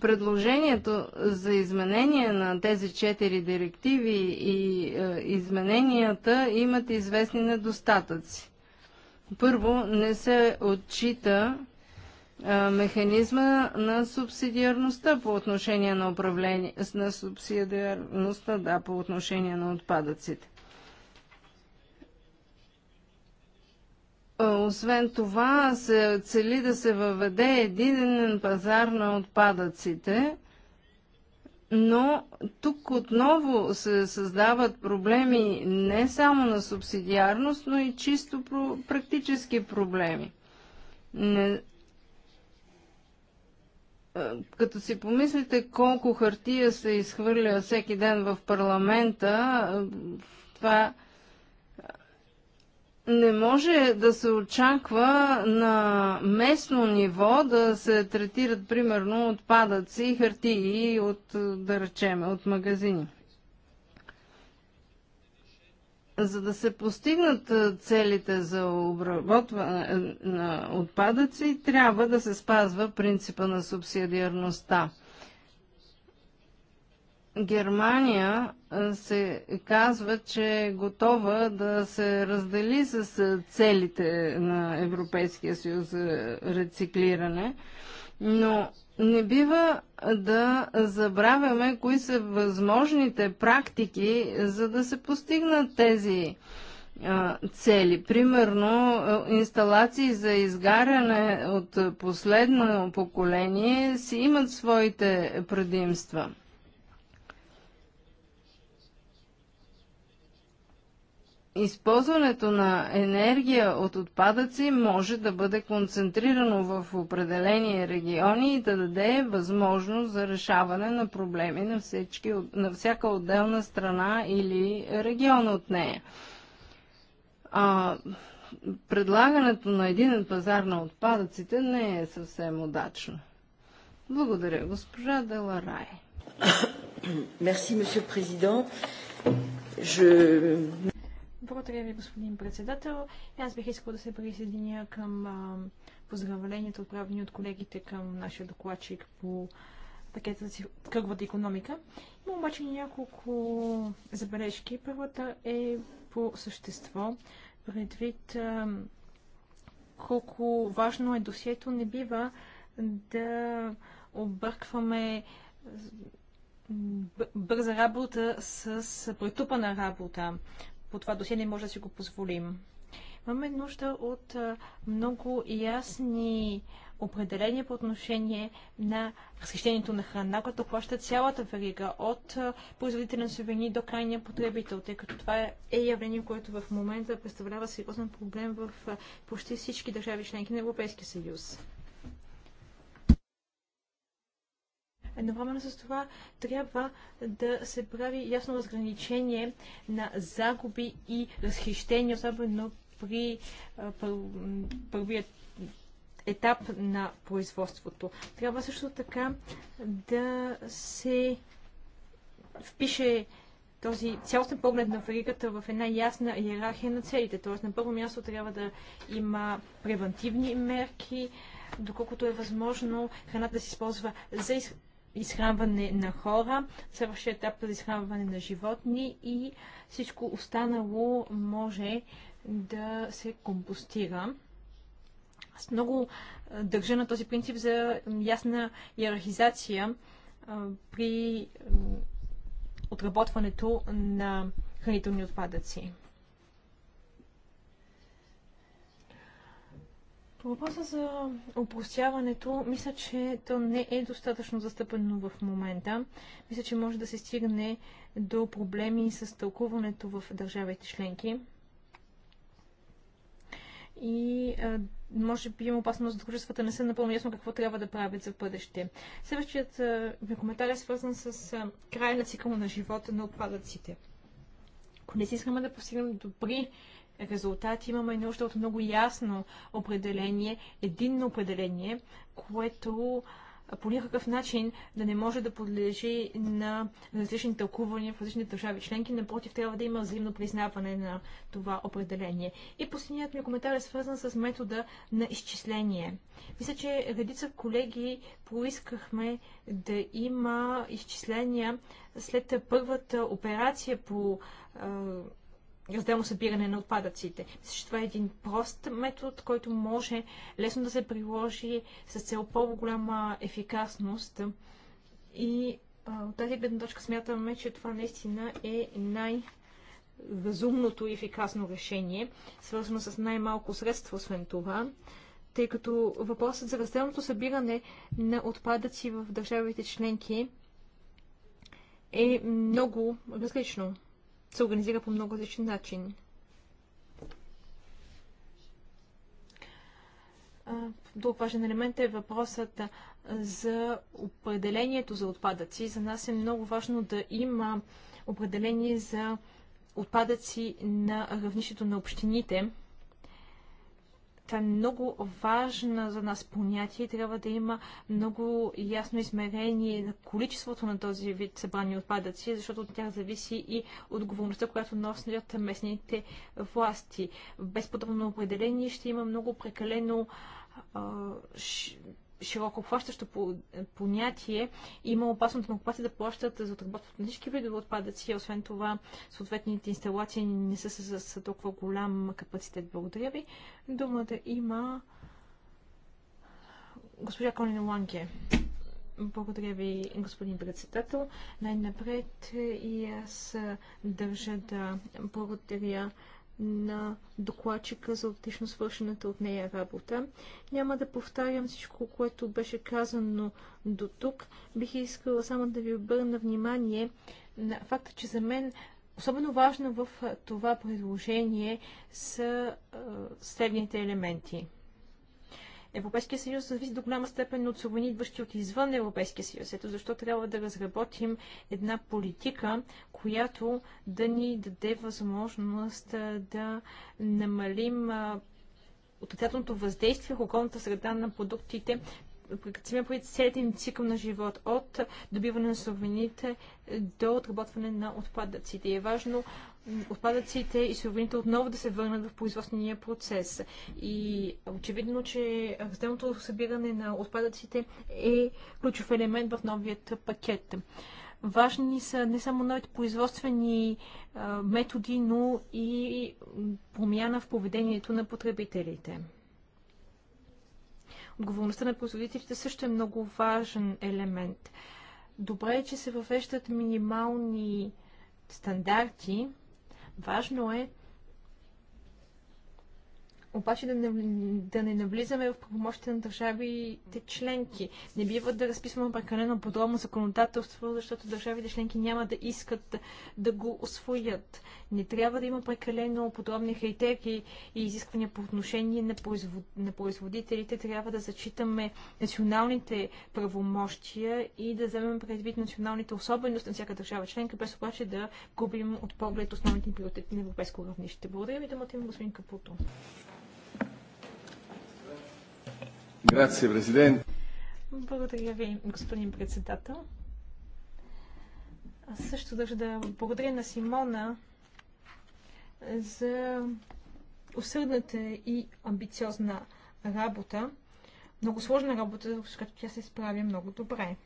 предложението за изменение на тези четири директиви и а, е, измененията имат известни недостатъци. Първо, не се отчита механизма на субсидиарността по отношение на управление, на субсидиарността, да, по отношение на отпадъците. Освен това, се цели да се въведе един пазар на отпадъците, но тук отново се създават проблеми не само на субсидиарност, но и чисто практически проблеми. Не, е, като си помислите колко хартия се изхвърля всеки ден в парламента, е, това не може да се очаква на местно ниво да се третират примерно отпадъци, хартии от, е, да речем, от магазини. За да се постигнат целите за обработване е, на отпадъци, трябва да се спазва принципа на субсидиарността. Германия се казва, че е готова да се раздели с целите на Европейския съюз за рециклиране, но не бива да забравяме кои са възможните практики, за да се постигнат тези цели. Примерно, инсталации за изгаряне от последно поколение си имат своите предимства – използването на енергия от отпадъци може да бъде концентрирано в определени региони и да даде възможност за решаване на проблеми на, всички, на всяка отделна страна или регион от нея. А, предлагането на един пазар на отпадъците не е съвсем удачно. Благодаря, госпожа Деларай. Мерси, месье президент. Je... Благодаря ви, господин председател. Аз бих искал да се присъединя към поздравленията, отправени от колегите към нашия докладчик по пакета за кръгвата економика. Има обаче няколко забележки. Първата е по същество, предвид колко важно е досието, не бива да объркваме бърза работа с претупана работа по това досие не може да си го позволим. Имаме нужда от много ясни определения по отношение на разхищението на храна, като плаща цялата верига от производителя на сувени до крайния потребител, тъй като това е явление, което в момента представлява сериозен проблем в почти всички държави членки на Европейския съюз. Едновременно с това трябва да се прави ясно разграничение на загуби и разхищения, особено при първият етап на производството. Трябва също така да се впише този цялостен поглед на веригата в една ясна иерархия на целите. Тоест, на първо място трябва да има превентивни мерки, доколкото е възможно храната да се използва за изхранване на хора, следващия етап е за изхранване на животни и всичко останало може да се компостира. Аз много държа на този принцип за ясна иерархизация при отработването на хранителни отпадъци. По въпроса за опростяването, мисля, че то не е достатъчно застъпено в момента. Мисля, че може да се стигне до проблеми с тълкуването в държавите членки. И а, може би има опасност дружествата не са напълно ясно какво трябва да правят за бъдеще. Следващият ми коментар е свързан с а, края на цикъла на живота на отпадъците. Ако не си искаме да постигнем добри резултат. Имаме нужда от много ясно определение, единно определение, което по никакъв начин да не може да подлежи на различни тълкувания в различни държави членки. Напротив, трябва да има взаимно признаване на това определение. И последният ми коментар е свързан с метода на изчисление. Мисля, че редица колеги поискахме да има изчисления след първата операция по разделно събиране на отпадъците. Мисля, че това е един прост метод, който може лесно да се приложи с цел по-голяма ефикасност и от тази гледна точка смятаме, че това наистина е най- разумното и ефикасно решение, свързано с най-малко средство, освен това, тъй като въпросът за разделното събиране на отпадъци в държавите членки е много различно се организира по много различен начин. Друг важен елемент е въпросът за определението за отпадъци. За нас е много важно да има определение за отпадъци на равнището на общините. Та е много важна за нас понятие и трябва да има много ясно измерение на количеството на този вид събрани отпадъци, защото от тях зависи и отговорността, която носят местните власти. Без подобно определение ще има много прекалено широко обхващащо понятие, има опасност на да плащат за отработването на всички видове отпадъци. Освен това, съответните инсталации не са с, толкова голям капацитет. Благодаря ви. Думата има госпожа Конин Ланке. Благодаря ви, господин председател. Най-напред и аз държа да благодаря на докладчика за отлично свършената от нея работа. Няма да повтарям всичко, което беше казано до тук. Бих искала само да ви обърна внимание на факта, че за мен особено важно в това предложение са следните елементи. Европейския съюз зависи до голяма степен от суровини, идващи от извън Европейския съюз. Ето защо трябва да разработим една политика, която да ни даде възможност да намалим отрицателното въздействие в околната среда на продуктите, като сме пред цикъл на живот, от добиване на суровините до отработване на отпадъците. И е важно отпадъците и суровините отново да се върнат в производствения процес. И очевидно, че разделното събиране на отпадъците е ключов елемент в новият пакет. Важни са не само новите производствени методи, но и промяна в поведението на потребителите. Отговорността на производителите също е много важен елемент. Добре е, че се въвеждат минимални стандарти, Важно е обаче да не, да не навлизаме в правомощите на държавите членки. Не бива да разписваме прекалено подробно законодателство, защото държавите членки няма да искат да го освоят. Не трябва да има прекалено подробни критерии и изисквания по отношение на, производ... на производителите. Трябва да зачитаме националните правомощия и да вземем предвид националните особености на всяка държава членка, без обаче да губим от поглед основните приоритети на европейско равнище. Благодаря ви, думата им господин Капуто. Грация, президент. Благодаря ви, господин председател. Аз също държа да благодаря на Симона за усърдната и амбициозна работа. Много сложна работа, с която тя се справя много добре.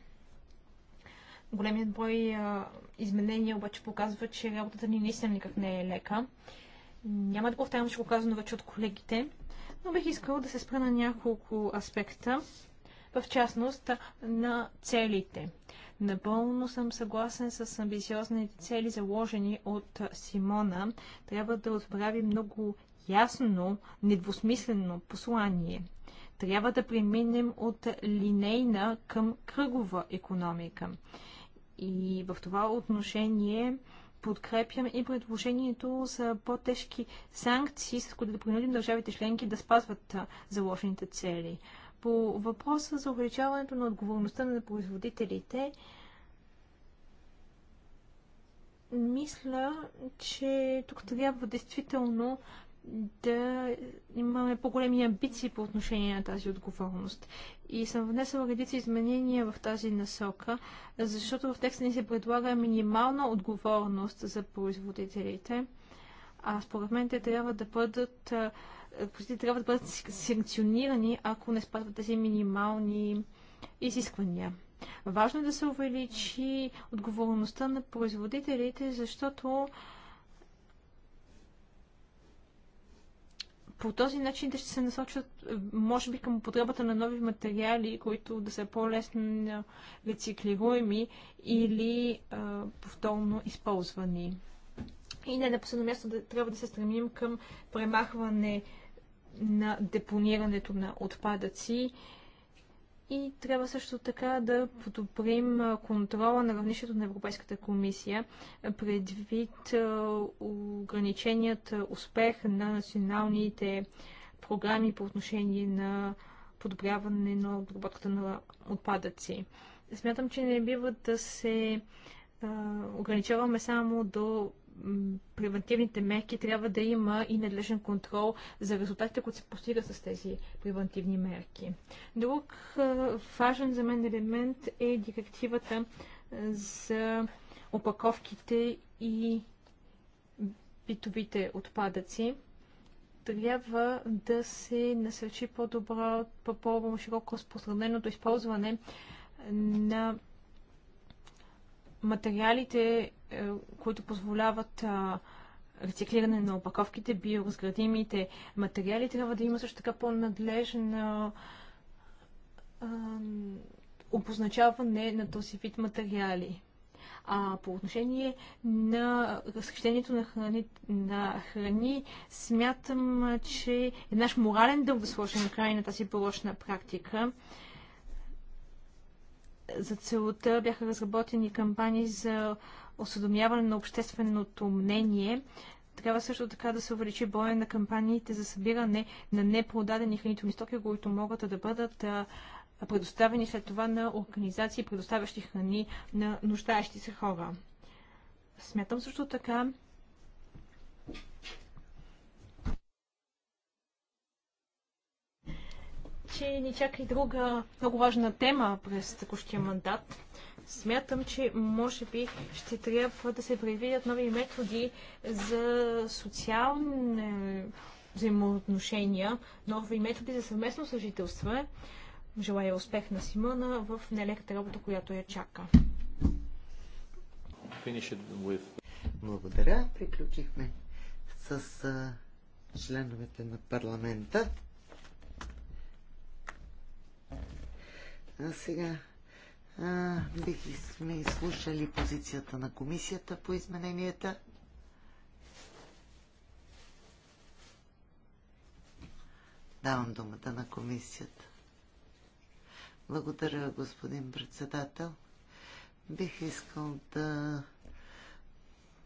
Големият брой а, изменения обаче показва, че работата ни наистина никак не е лека. Няма да повтарям, че го казвам вече от колегите но бих искал да се спра на няколко аспекта, в частност на целите. Напълно съм съгласен с амбициозните цели, заложени от Симона. Трябва да отправи много ясно, недвусмислено послание. Трябва да преминем от линейна към кръгова економика. И в това отношение подкрепям и предложението за по-тежки санкции, с които да принудим държавите членки да спазват заложените цели. По въпроса за увеличаването на отговорността на производителите, мисля, че тук трябва действително да имаме по-големи амбиции по отношение на тази отговорност. И съм внесла редица изменения в тази насока, защото в текста ни се предлага минимална отговорност за производителите, а според мен те трябва да бъдат трябва да бъдат санкционирани, ако не спазват тези минимални изисквания. Важно е да се увеличи отговорността на производителите, защото по този начин те ще се насочат, е, може би, към употребата на нови материали, които да са по-лесно рециклируеми или а, повторно използвани. И не на последно място да, трябва да се стремим към премахване на депонирането на отпадъци и трябва също така да подобрим контрола на равнището на Европейската комисия предвид ограниченият успех на националните програми по отношение на подобряване на обработката на отпадъци. Смятам, че не бива да се ограничаваме само до превентивните мерки, трябва да има и надлежен контрол за резултатите, които се постигат с тези превентивни мерки. Друг важен за мен елемент е директивата за опаковките и битовите отпадъци трябва да се насърчи по-добро, по-широко разпространеното използване на материалите е, които позволяват рециклиране на опаковките, биоразградимите материали, трябва да има също така по-надлежна обозначаване на този вид материали. А по отношение на разхищението на храни, на храни смятам, че е наш морален дълг да сложим край на тази порочна практика. За целта бяха разработени кампании за осъдомяване на общественото мнение. Трябва също така да се увеличи броя на кампаниите за събиране на непродадени хранителни стоки, които могат да бъдат предоставени след това на организации, предоставящи храни на нуждаещи се хора. Смятам също така, че ни чака и друга много важна тема през текущия мандат. Смятам, че може би ще трябва да се предвидят нови методи за социални взаимоотношения, нови методи за съвместно съжителство. Желая успех на Симона в нелеката работа, която я чака. With... Благодаря. Приключихме с а, членовете на парламента. А сега бихме изслушали позицията на комисията по измененията. Давам думата на комисията. Благодаря, господин председател. Бих искал да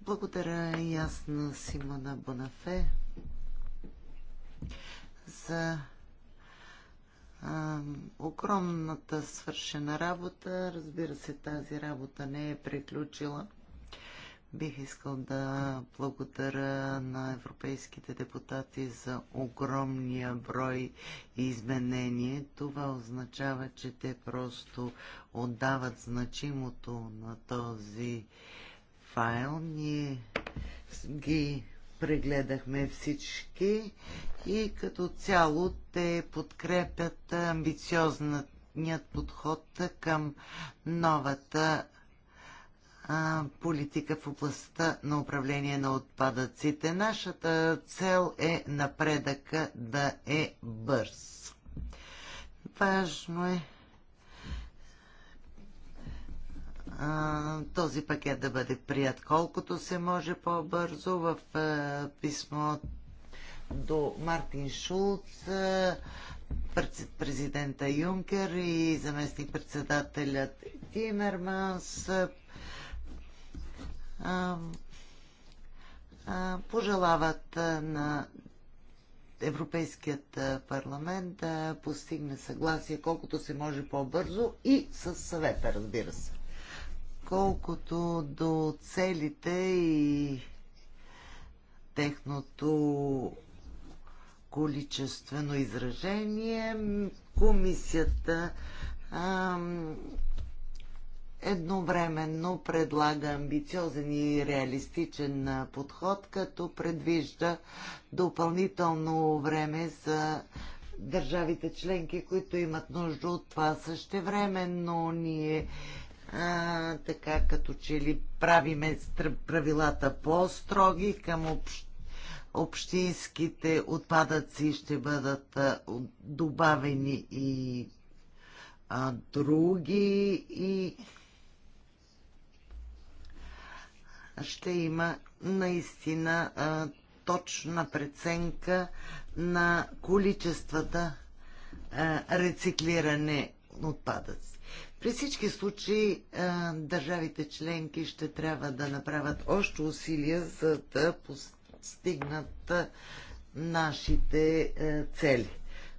благодаря и Симона Бонафе за огромната свършена работа. Разбира се, тази работа не е приключила. Бих искал да благодаря на европейските депутати за огромния брой изменения. Това означава, че те просто отдават значимото на този файл. Ние ги прегледахме всички и като цяло те подкрепят амбициозният подход към новата политика в областта на управление на отпадъците. Нашата цел е напредъка да е бърз. Важно е този пакет да бъде прият колкото се може по-бързо. В писмо до Мартин Шулц, президента Юнкер и заместник-председателят Тимерманс пожелават на Европейският парламент да постигне съгласие колкото се може по-бързо и с съвета, разбира се. Колкото до целите и техното количествено изражение, комисията ам, едновременно предлага амбициозен и реалистичен подход, като предвижда допълнително време за държавите членки, които имат нужда от това. Същевременно ние а, така като че ли правиме правилата по-строги към общ, общинските отпадъци ще бъдат а, добавени и а, други и ще има наистина а, точна преценка на количествата а, рециклиране отпадъци. При всички случаи държавите членки ще трябва да направят още усилия, за да постигнат нашите цели.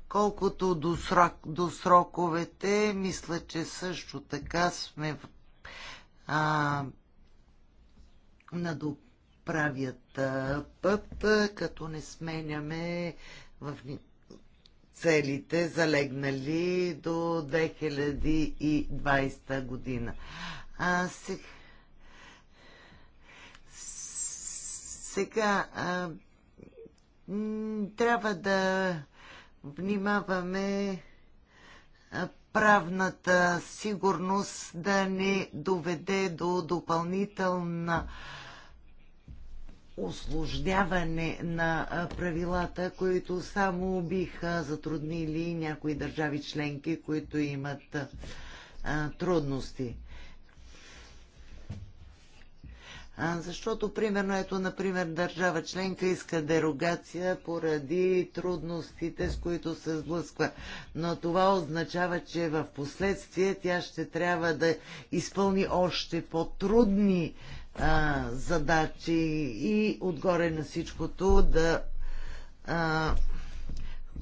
Колкото до, срок, до сроковете, мисля, че също така сме а, на доправят път, като не сменяме в целите залегнали до 2020 година. А, сега, сега а, трябва да внимаваме правната сигурност да не доведе до допълнителна осложняване на правилата, които само биха затруднили някои държави членки, които имат трудности. Защото, примерно, ето, например, държава членка иска дерогация поради трудностите, с които се сблъсква. Но това означава, че в последствие тя ще трябва да изпълни още по-трудни а, задачи и отгоре на всичкото да а,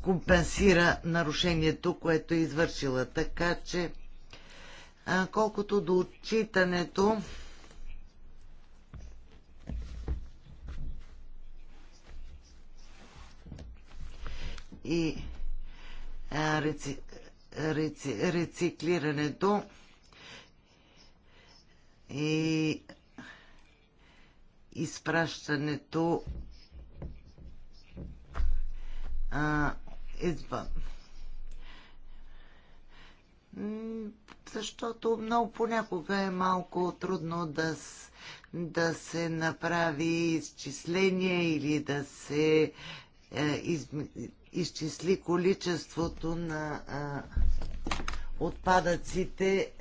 компенсира нарушението, което е извършила. Така че, а, колкото до отчитането, и а, реци, реци, рециклирането и изпращането а, извън. Защото много понякога е малко трудно да, да се направи изчисление или да се е, из, изчисли количеството на е, отпадъците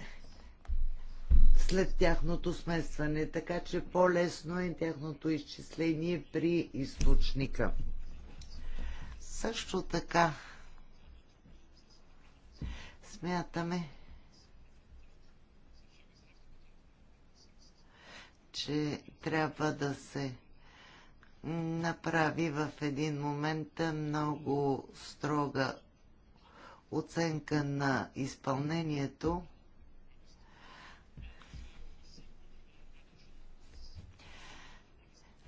след тяхното смесване, така че по-лесно е тяхното изчисление при източника. Също така смятаме, че трябва да се направи в един момент много строга оценка на изпълнението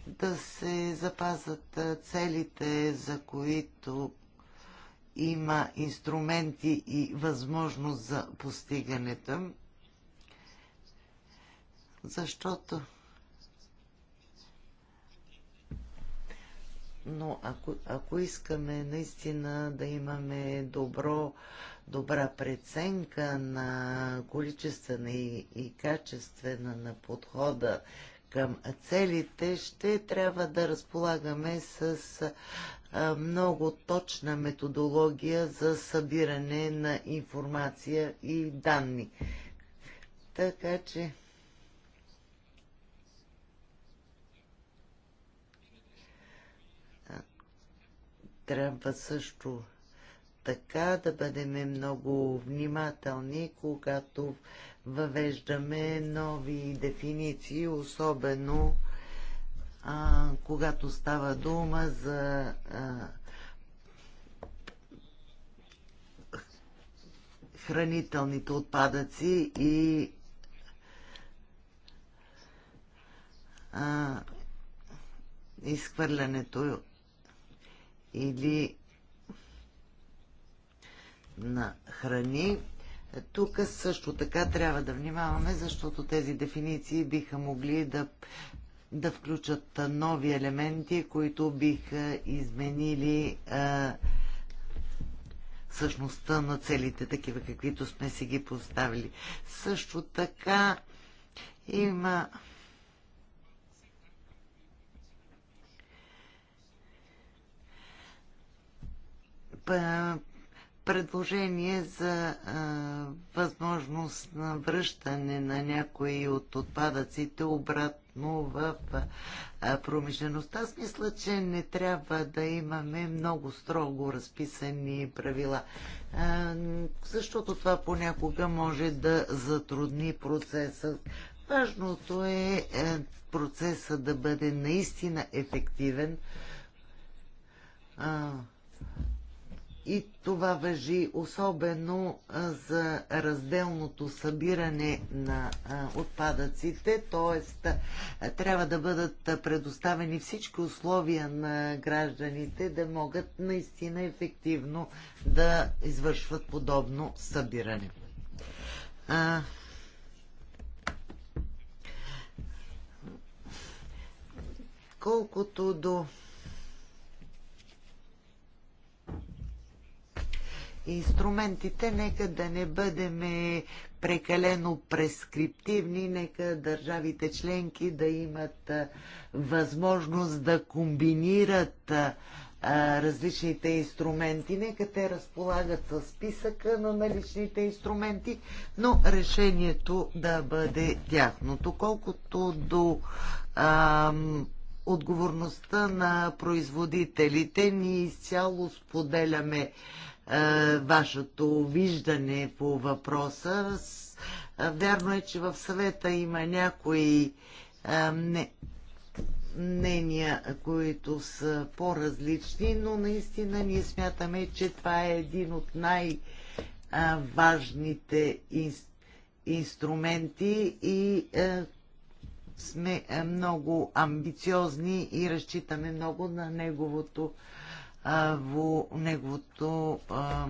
да се запазат целите, за които има инструменти и възможност за постигането. Защото но ако, ако искаме наистина да имаме добро, добра преценка на количествена и, и качествена на подхода към целите, ще трябва да разполагаме с много точна методология за събиране на информация и данни. Така че. Трябва също така да бъдем много внимателни, когато въвеждаме нови дефиниции, особено а, когато става дума за а, хранителните отпадъци и а, изхвърлянето или на храни. Тук също така трябва да внимаваме, защото тези дефиниции биха могли да, да включат нови елементи, които биха изменили а, същността на целите, такива каквито сме си ги поставили. Също така има предложение за а, възможност на връщане на някои от отпадъците обратно в а, промишлеността. Аз мисля, че не трябва да имаме много строго разписани правила, а, защото това понякога може да затрудни процеса. Важното е а, е, процеса да бъде наистина ефективен. А, и това въжи особено за разделното събиране на отпадъците, т.е. трябва да бъдат предоставени всички условия на гражданите да могат наистина ефективно да извършват подобно събиране. Колкото до инструментите, нека да не бъдем прекалено прескриптивни, нека държавите членки да имат възможност да комбинират различните инструменти. Нека те разполагат с списъка на наличните инструменти, но решението да бъде тяхното. Колкото до ам, отговорността на производителите, ние изцяло споделяме е, вашето виждане по въпроса. Е, вярно е, че в съвета има някои е, не, мнения, които са по-различни, но наистина ние смятаме, че това е един от най-важните инструменти и сме много амбициозни и разчитаме много на неговото а, во неговото а,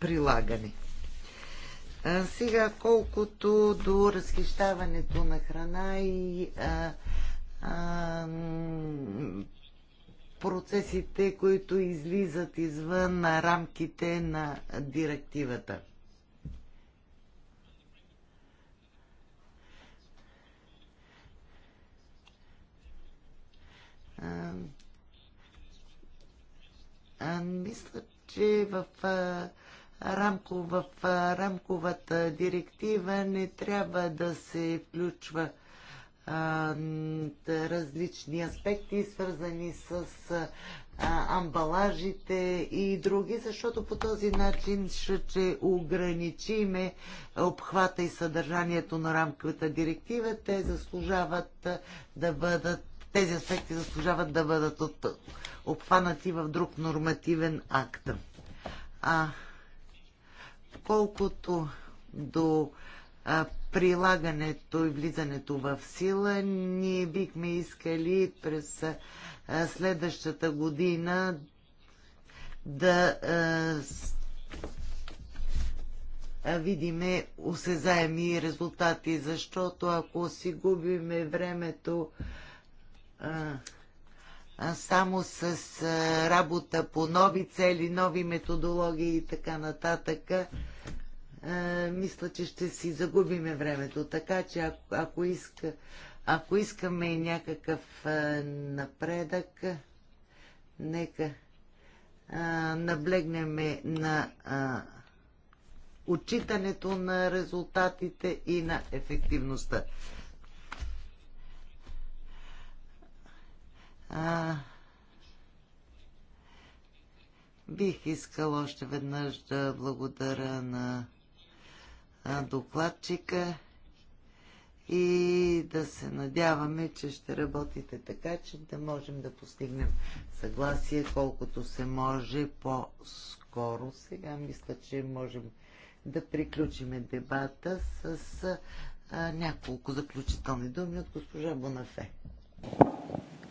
прилагане. А, сега, колкото до разхищаването на храна и а, а, процесите, които излизат извън на рамките на директивата. А, мисля, че в, а, рамко, в а, рамковата директива не трябва да се включва а, различни аспекти, свързани с а, амбалажите и други, защото по този начин ще, ще ограничиме обхвата и съдържанието на рамковата директива. Те заслужават да бъдат тези аспекти заслужават да бъдат от, обхванати в друг нормативен акт. А колкото до а, прилагането и влизането в сила, ние бихме искали през а, следващата година да а, видиме осезаеми резултати, защото ако си губиме времето, а, само с работа по нови цели, нови методологии и така нататък, мисля, че ще си загубиме времето. Така че ако, ако, иска, ако искаме някакъв напредък, нека наблегнем на отчитането на резултатите и на ефективността. А, бих искал още веднъж да благодаря на докладчика и да се надяваме, че ще работите така, че да можем да постигнем съгласие колкото се може по-скоро. Сега мисля, че можем да приключиме дебата с а, няколко заключителни думи от госпожа Бонафе.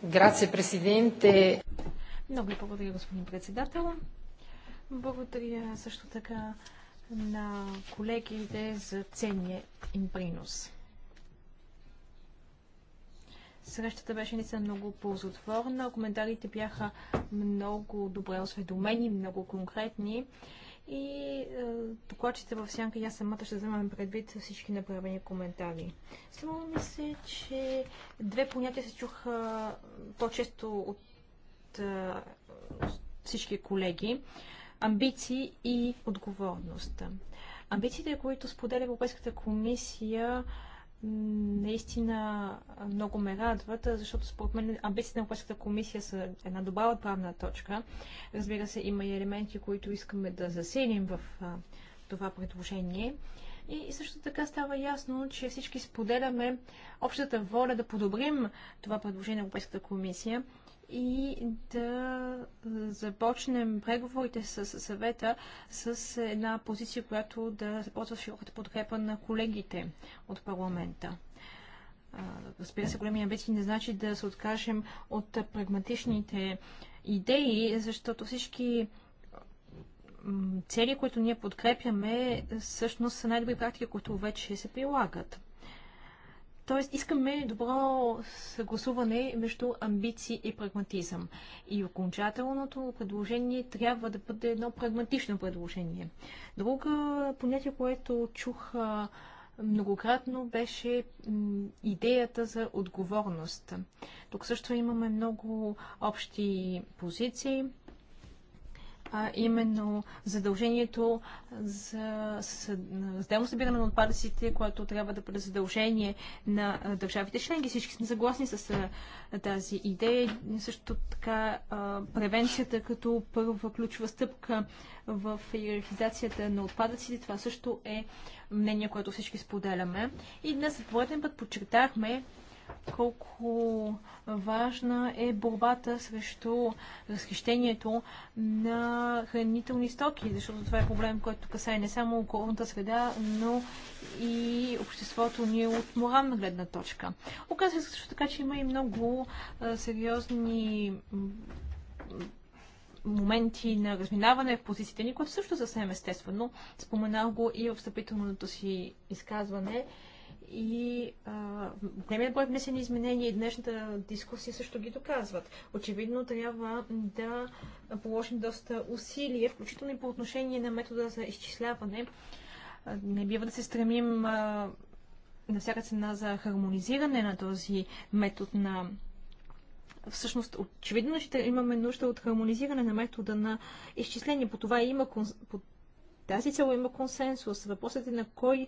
Грация, президенте. Много ви благодаря, господин председател. Благодаря също така на колегите за ценния им принос. Срещата беше са много ползотворна. Коментарите бяха много добре осведомени, много конкретни и е, докладчите в сянка и аз самата ще вземам предвид всички направени коментари. Само се, че две понятия се чуха по-често от е, всички колеги. Амбиции и отговорност. Амбициите, които споделя Европейската комисия, наистина много ме радват, защото според мен амбициите на Европейската комисия са една добра отправна точка. Разбира се, има и елементи, които искаме да засилим в това предложение. И също така става ясно, че всички споделяме общата воля да подобрим това предложение на Европейската комисия и да започнем преговорите с съвета с една позиция, която да започва широката подкрепа на колегите от парламента. Разбира се, големи амбиции не значи да се откажем от прагматичните идеи, защото всички цели, които ние подкрепяме, всъщност са най-добри практики, които вече се прилагат. Тоест, искаме добро съгласуване между амбиции и прагматизъм. И окончателното предложение трябва да бъде едно прагматично предложение. Друга понятие, което чух многократно, беше идеята за отговорност. Тук също имаме много общи позиции а именно задължението за разделно събиране на отпадъците, което трябва да бъде задължение на държавите членки. Всички сме съгласни с тази идея. Също така превенцията като първа ключова стъпка в иерархизацията на отпадъците, това също е мнение, което всички споделяме. И днес за пореден път подчертахме, колко важна е борбата срещу разхищението на хранителни стоки, защото това е проблем, който касае не само околната среда, но и обществото ни от морална гледна точка. Оказва се също така, че има и много сериозни моменти на разминаване в позициите ни, което също съвсем естествено. Споменах го и в встъпителното си изказване и големият брой внесени изменения и днешната дискусия също ги доказват. Очевидно трябва да положим доста усилия, включително и по отношение на метода за изчисляване. Не бива да се стремим а, на всяка цена за хармонизиране на този метод на всъщност очевидно ще имаме нужда от хармонизиране на метода на изчисление. По това има, по тази цел има консенсус. Въпросът е на кой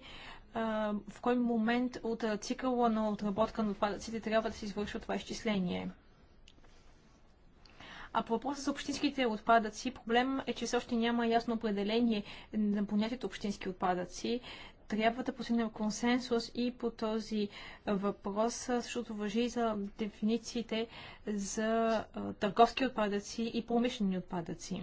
в кой момент от цикъла на отработка на отпадъците трябва да се извършва това изчисление. А по въпроса за общинските отпадъци, проблем е, че все още няма ясно определение на понятието общински отпадъци. Трябва да постигнем консенсус и по този въпрос, защото въжи за дефинициите за търговски отпадъци и промишлени отпадъци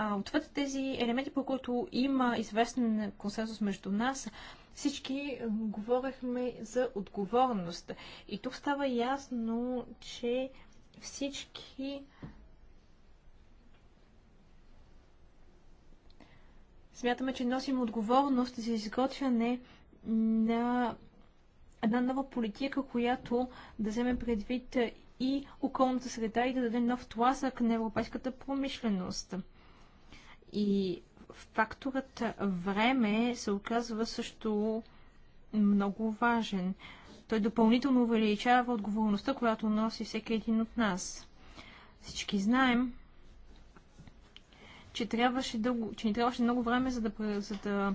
отвъд тези елементи, по които има известен консенсус между нас, всички говорихме за отговорност. И тук става ясно, че всички смятаме, че носим отговорност за изготвяне на една нова политика, която да вземе предвид и околната среда и да даде нов тласък на европейската промишленост. И факторът време се оказва също много важен. Той допълнително увеличава отговорността, която носи всеки един от нас. Всички знаем, че, трябваше дълго, че ни трябваше много време, за да, за да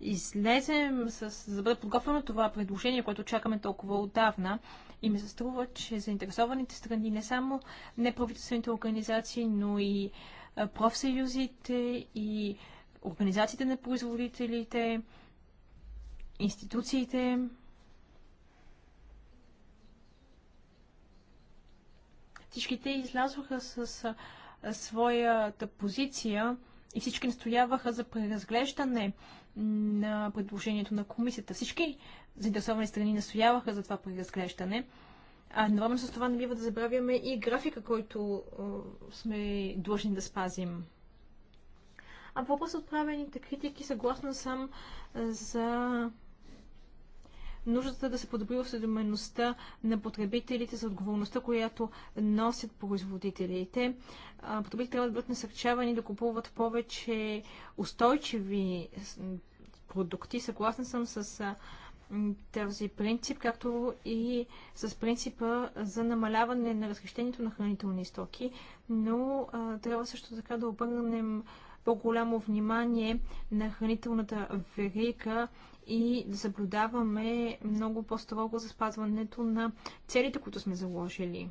излезем, с, за да бъде подготвено това предложение, което чакаме толкова отдавна. И ми се струва, че заинтересованите страни, не само неправителствените организации, но и профсъюзите и организациите на производителите, институциите. Всички те излязоха с своята позиция и всички настояваха за преразглеждане на предложението на комисията. Всички заинтересовани страни настояваха за това преразглеждане. А едновременно с това не бива да забравяме и графика, който сме длъжни да спазим. А по въпрос отправените критики, съгласна съм за нуждата да се подобри осведомеността на потребителите за отговорността, която носят производителите. Потребителите трябва да бъдат насърчавани да купуват повече устойчиви продукти. Съгласна съм с този принцип, както и с принципа за намаляване на разхищението на хранителни стоки, но а, трябва също така да обърнем по-голямо внимание на хранителната верига и да съблюдаваме много по-строго за спазването на целите, които сме заложили.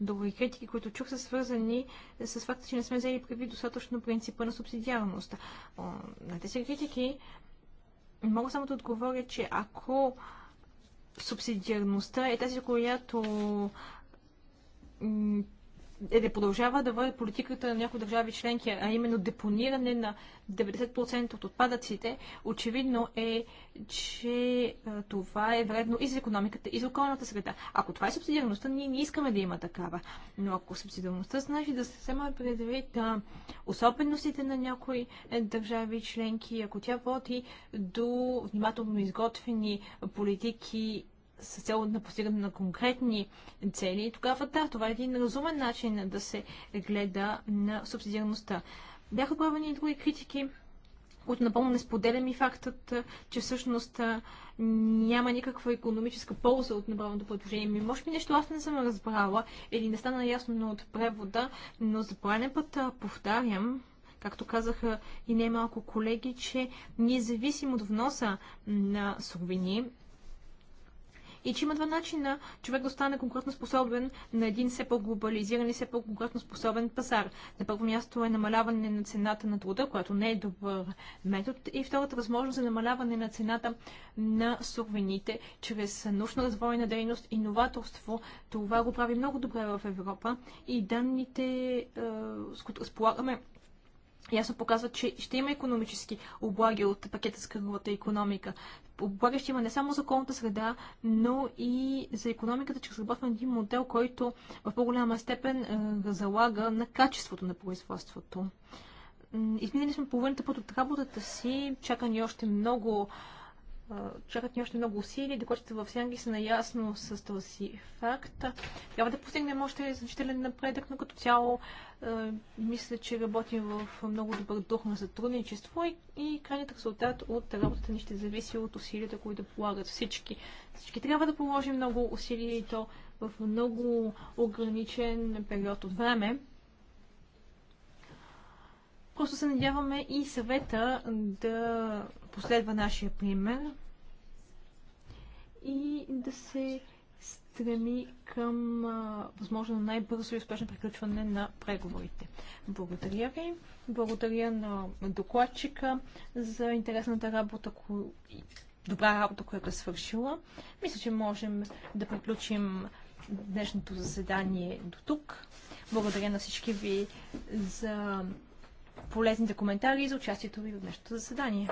Други критики, които чух, са свързани с факта, че не сме взели предвид достатъчно принципа на субсидиарност. На тези критики Мога само да отговоря, че ако субсидиарността е тази, която е да продължава да води политиката на някои държави членки, а именно депониране на 90% от отпадъците, очевидно е, че това е вредно и за економиката, и за околната среда. Ако това е субсидиарността, ние не искаме да има такава. Но ако субсидиарността значи да се взема предвид особеностите на някои е, държави членки, ако тя води до внимателно изготвени политики с цел на постигане на конкретни цели, тогава да, това е един разумен начин да се гледа на субсидиарността. Бяха правени и други критики, които напълно не споделям и фактът, че всъщност няма никаква економическа полза от направеното предложение. Ми, може би нещо аз не съм разбрала или не стана ясно от превода, но за пореден път повтарям, както казаха и немалко колеги, че независимо от вноса на суровини и че има два начина човек да стане конкретно способен на един все по-глобализиран и все по конкурентно способен пазар. На първо място е намаляване на цената на труда, което не е добър метод. И втората възможност е намаляване на цената на суровините чрез научно-развойна дейност, иноваторство. Това го прави много добре в Европа и данните, е, с които разполагаме ясно показва, че ще има економически облаги от пакета с кръговата економика. Облага ще има не само за околната среда, но и за економиката, че разработва един модел, който в по-голяма степен е, залага на качеството на производството. Изминали сме половината път от работата си, чака ни още много чакат ни още много усилия, докато в Сянги са наясно с този факт. Трябва да постигнем още значителен напредък, но като цяло мисля, че работим в много добър дух на сътрудничество и, и крайният резултат от работата ни ще зависи от усилията, които полагат всички. Всички трябва да положим много усилия и то в много ограничен период от време. Просто се надяваме и съвета да последва нашия пример и да се стреми към а, възможно най-бързо и успешно приключване на преговорите. Благодаря ви. Благодаря на докладчика за интересната работа, ко... добра работа, която е свършила. Мисля, че можем да приключим днешното заседание до тук. Благодаря на всички ви за полезните коментари и за участието ви в днешното заседание.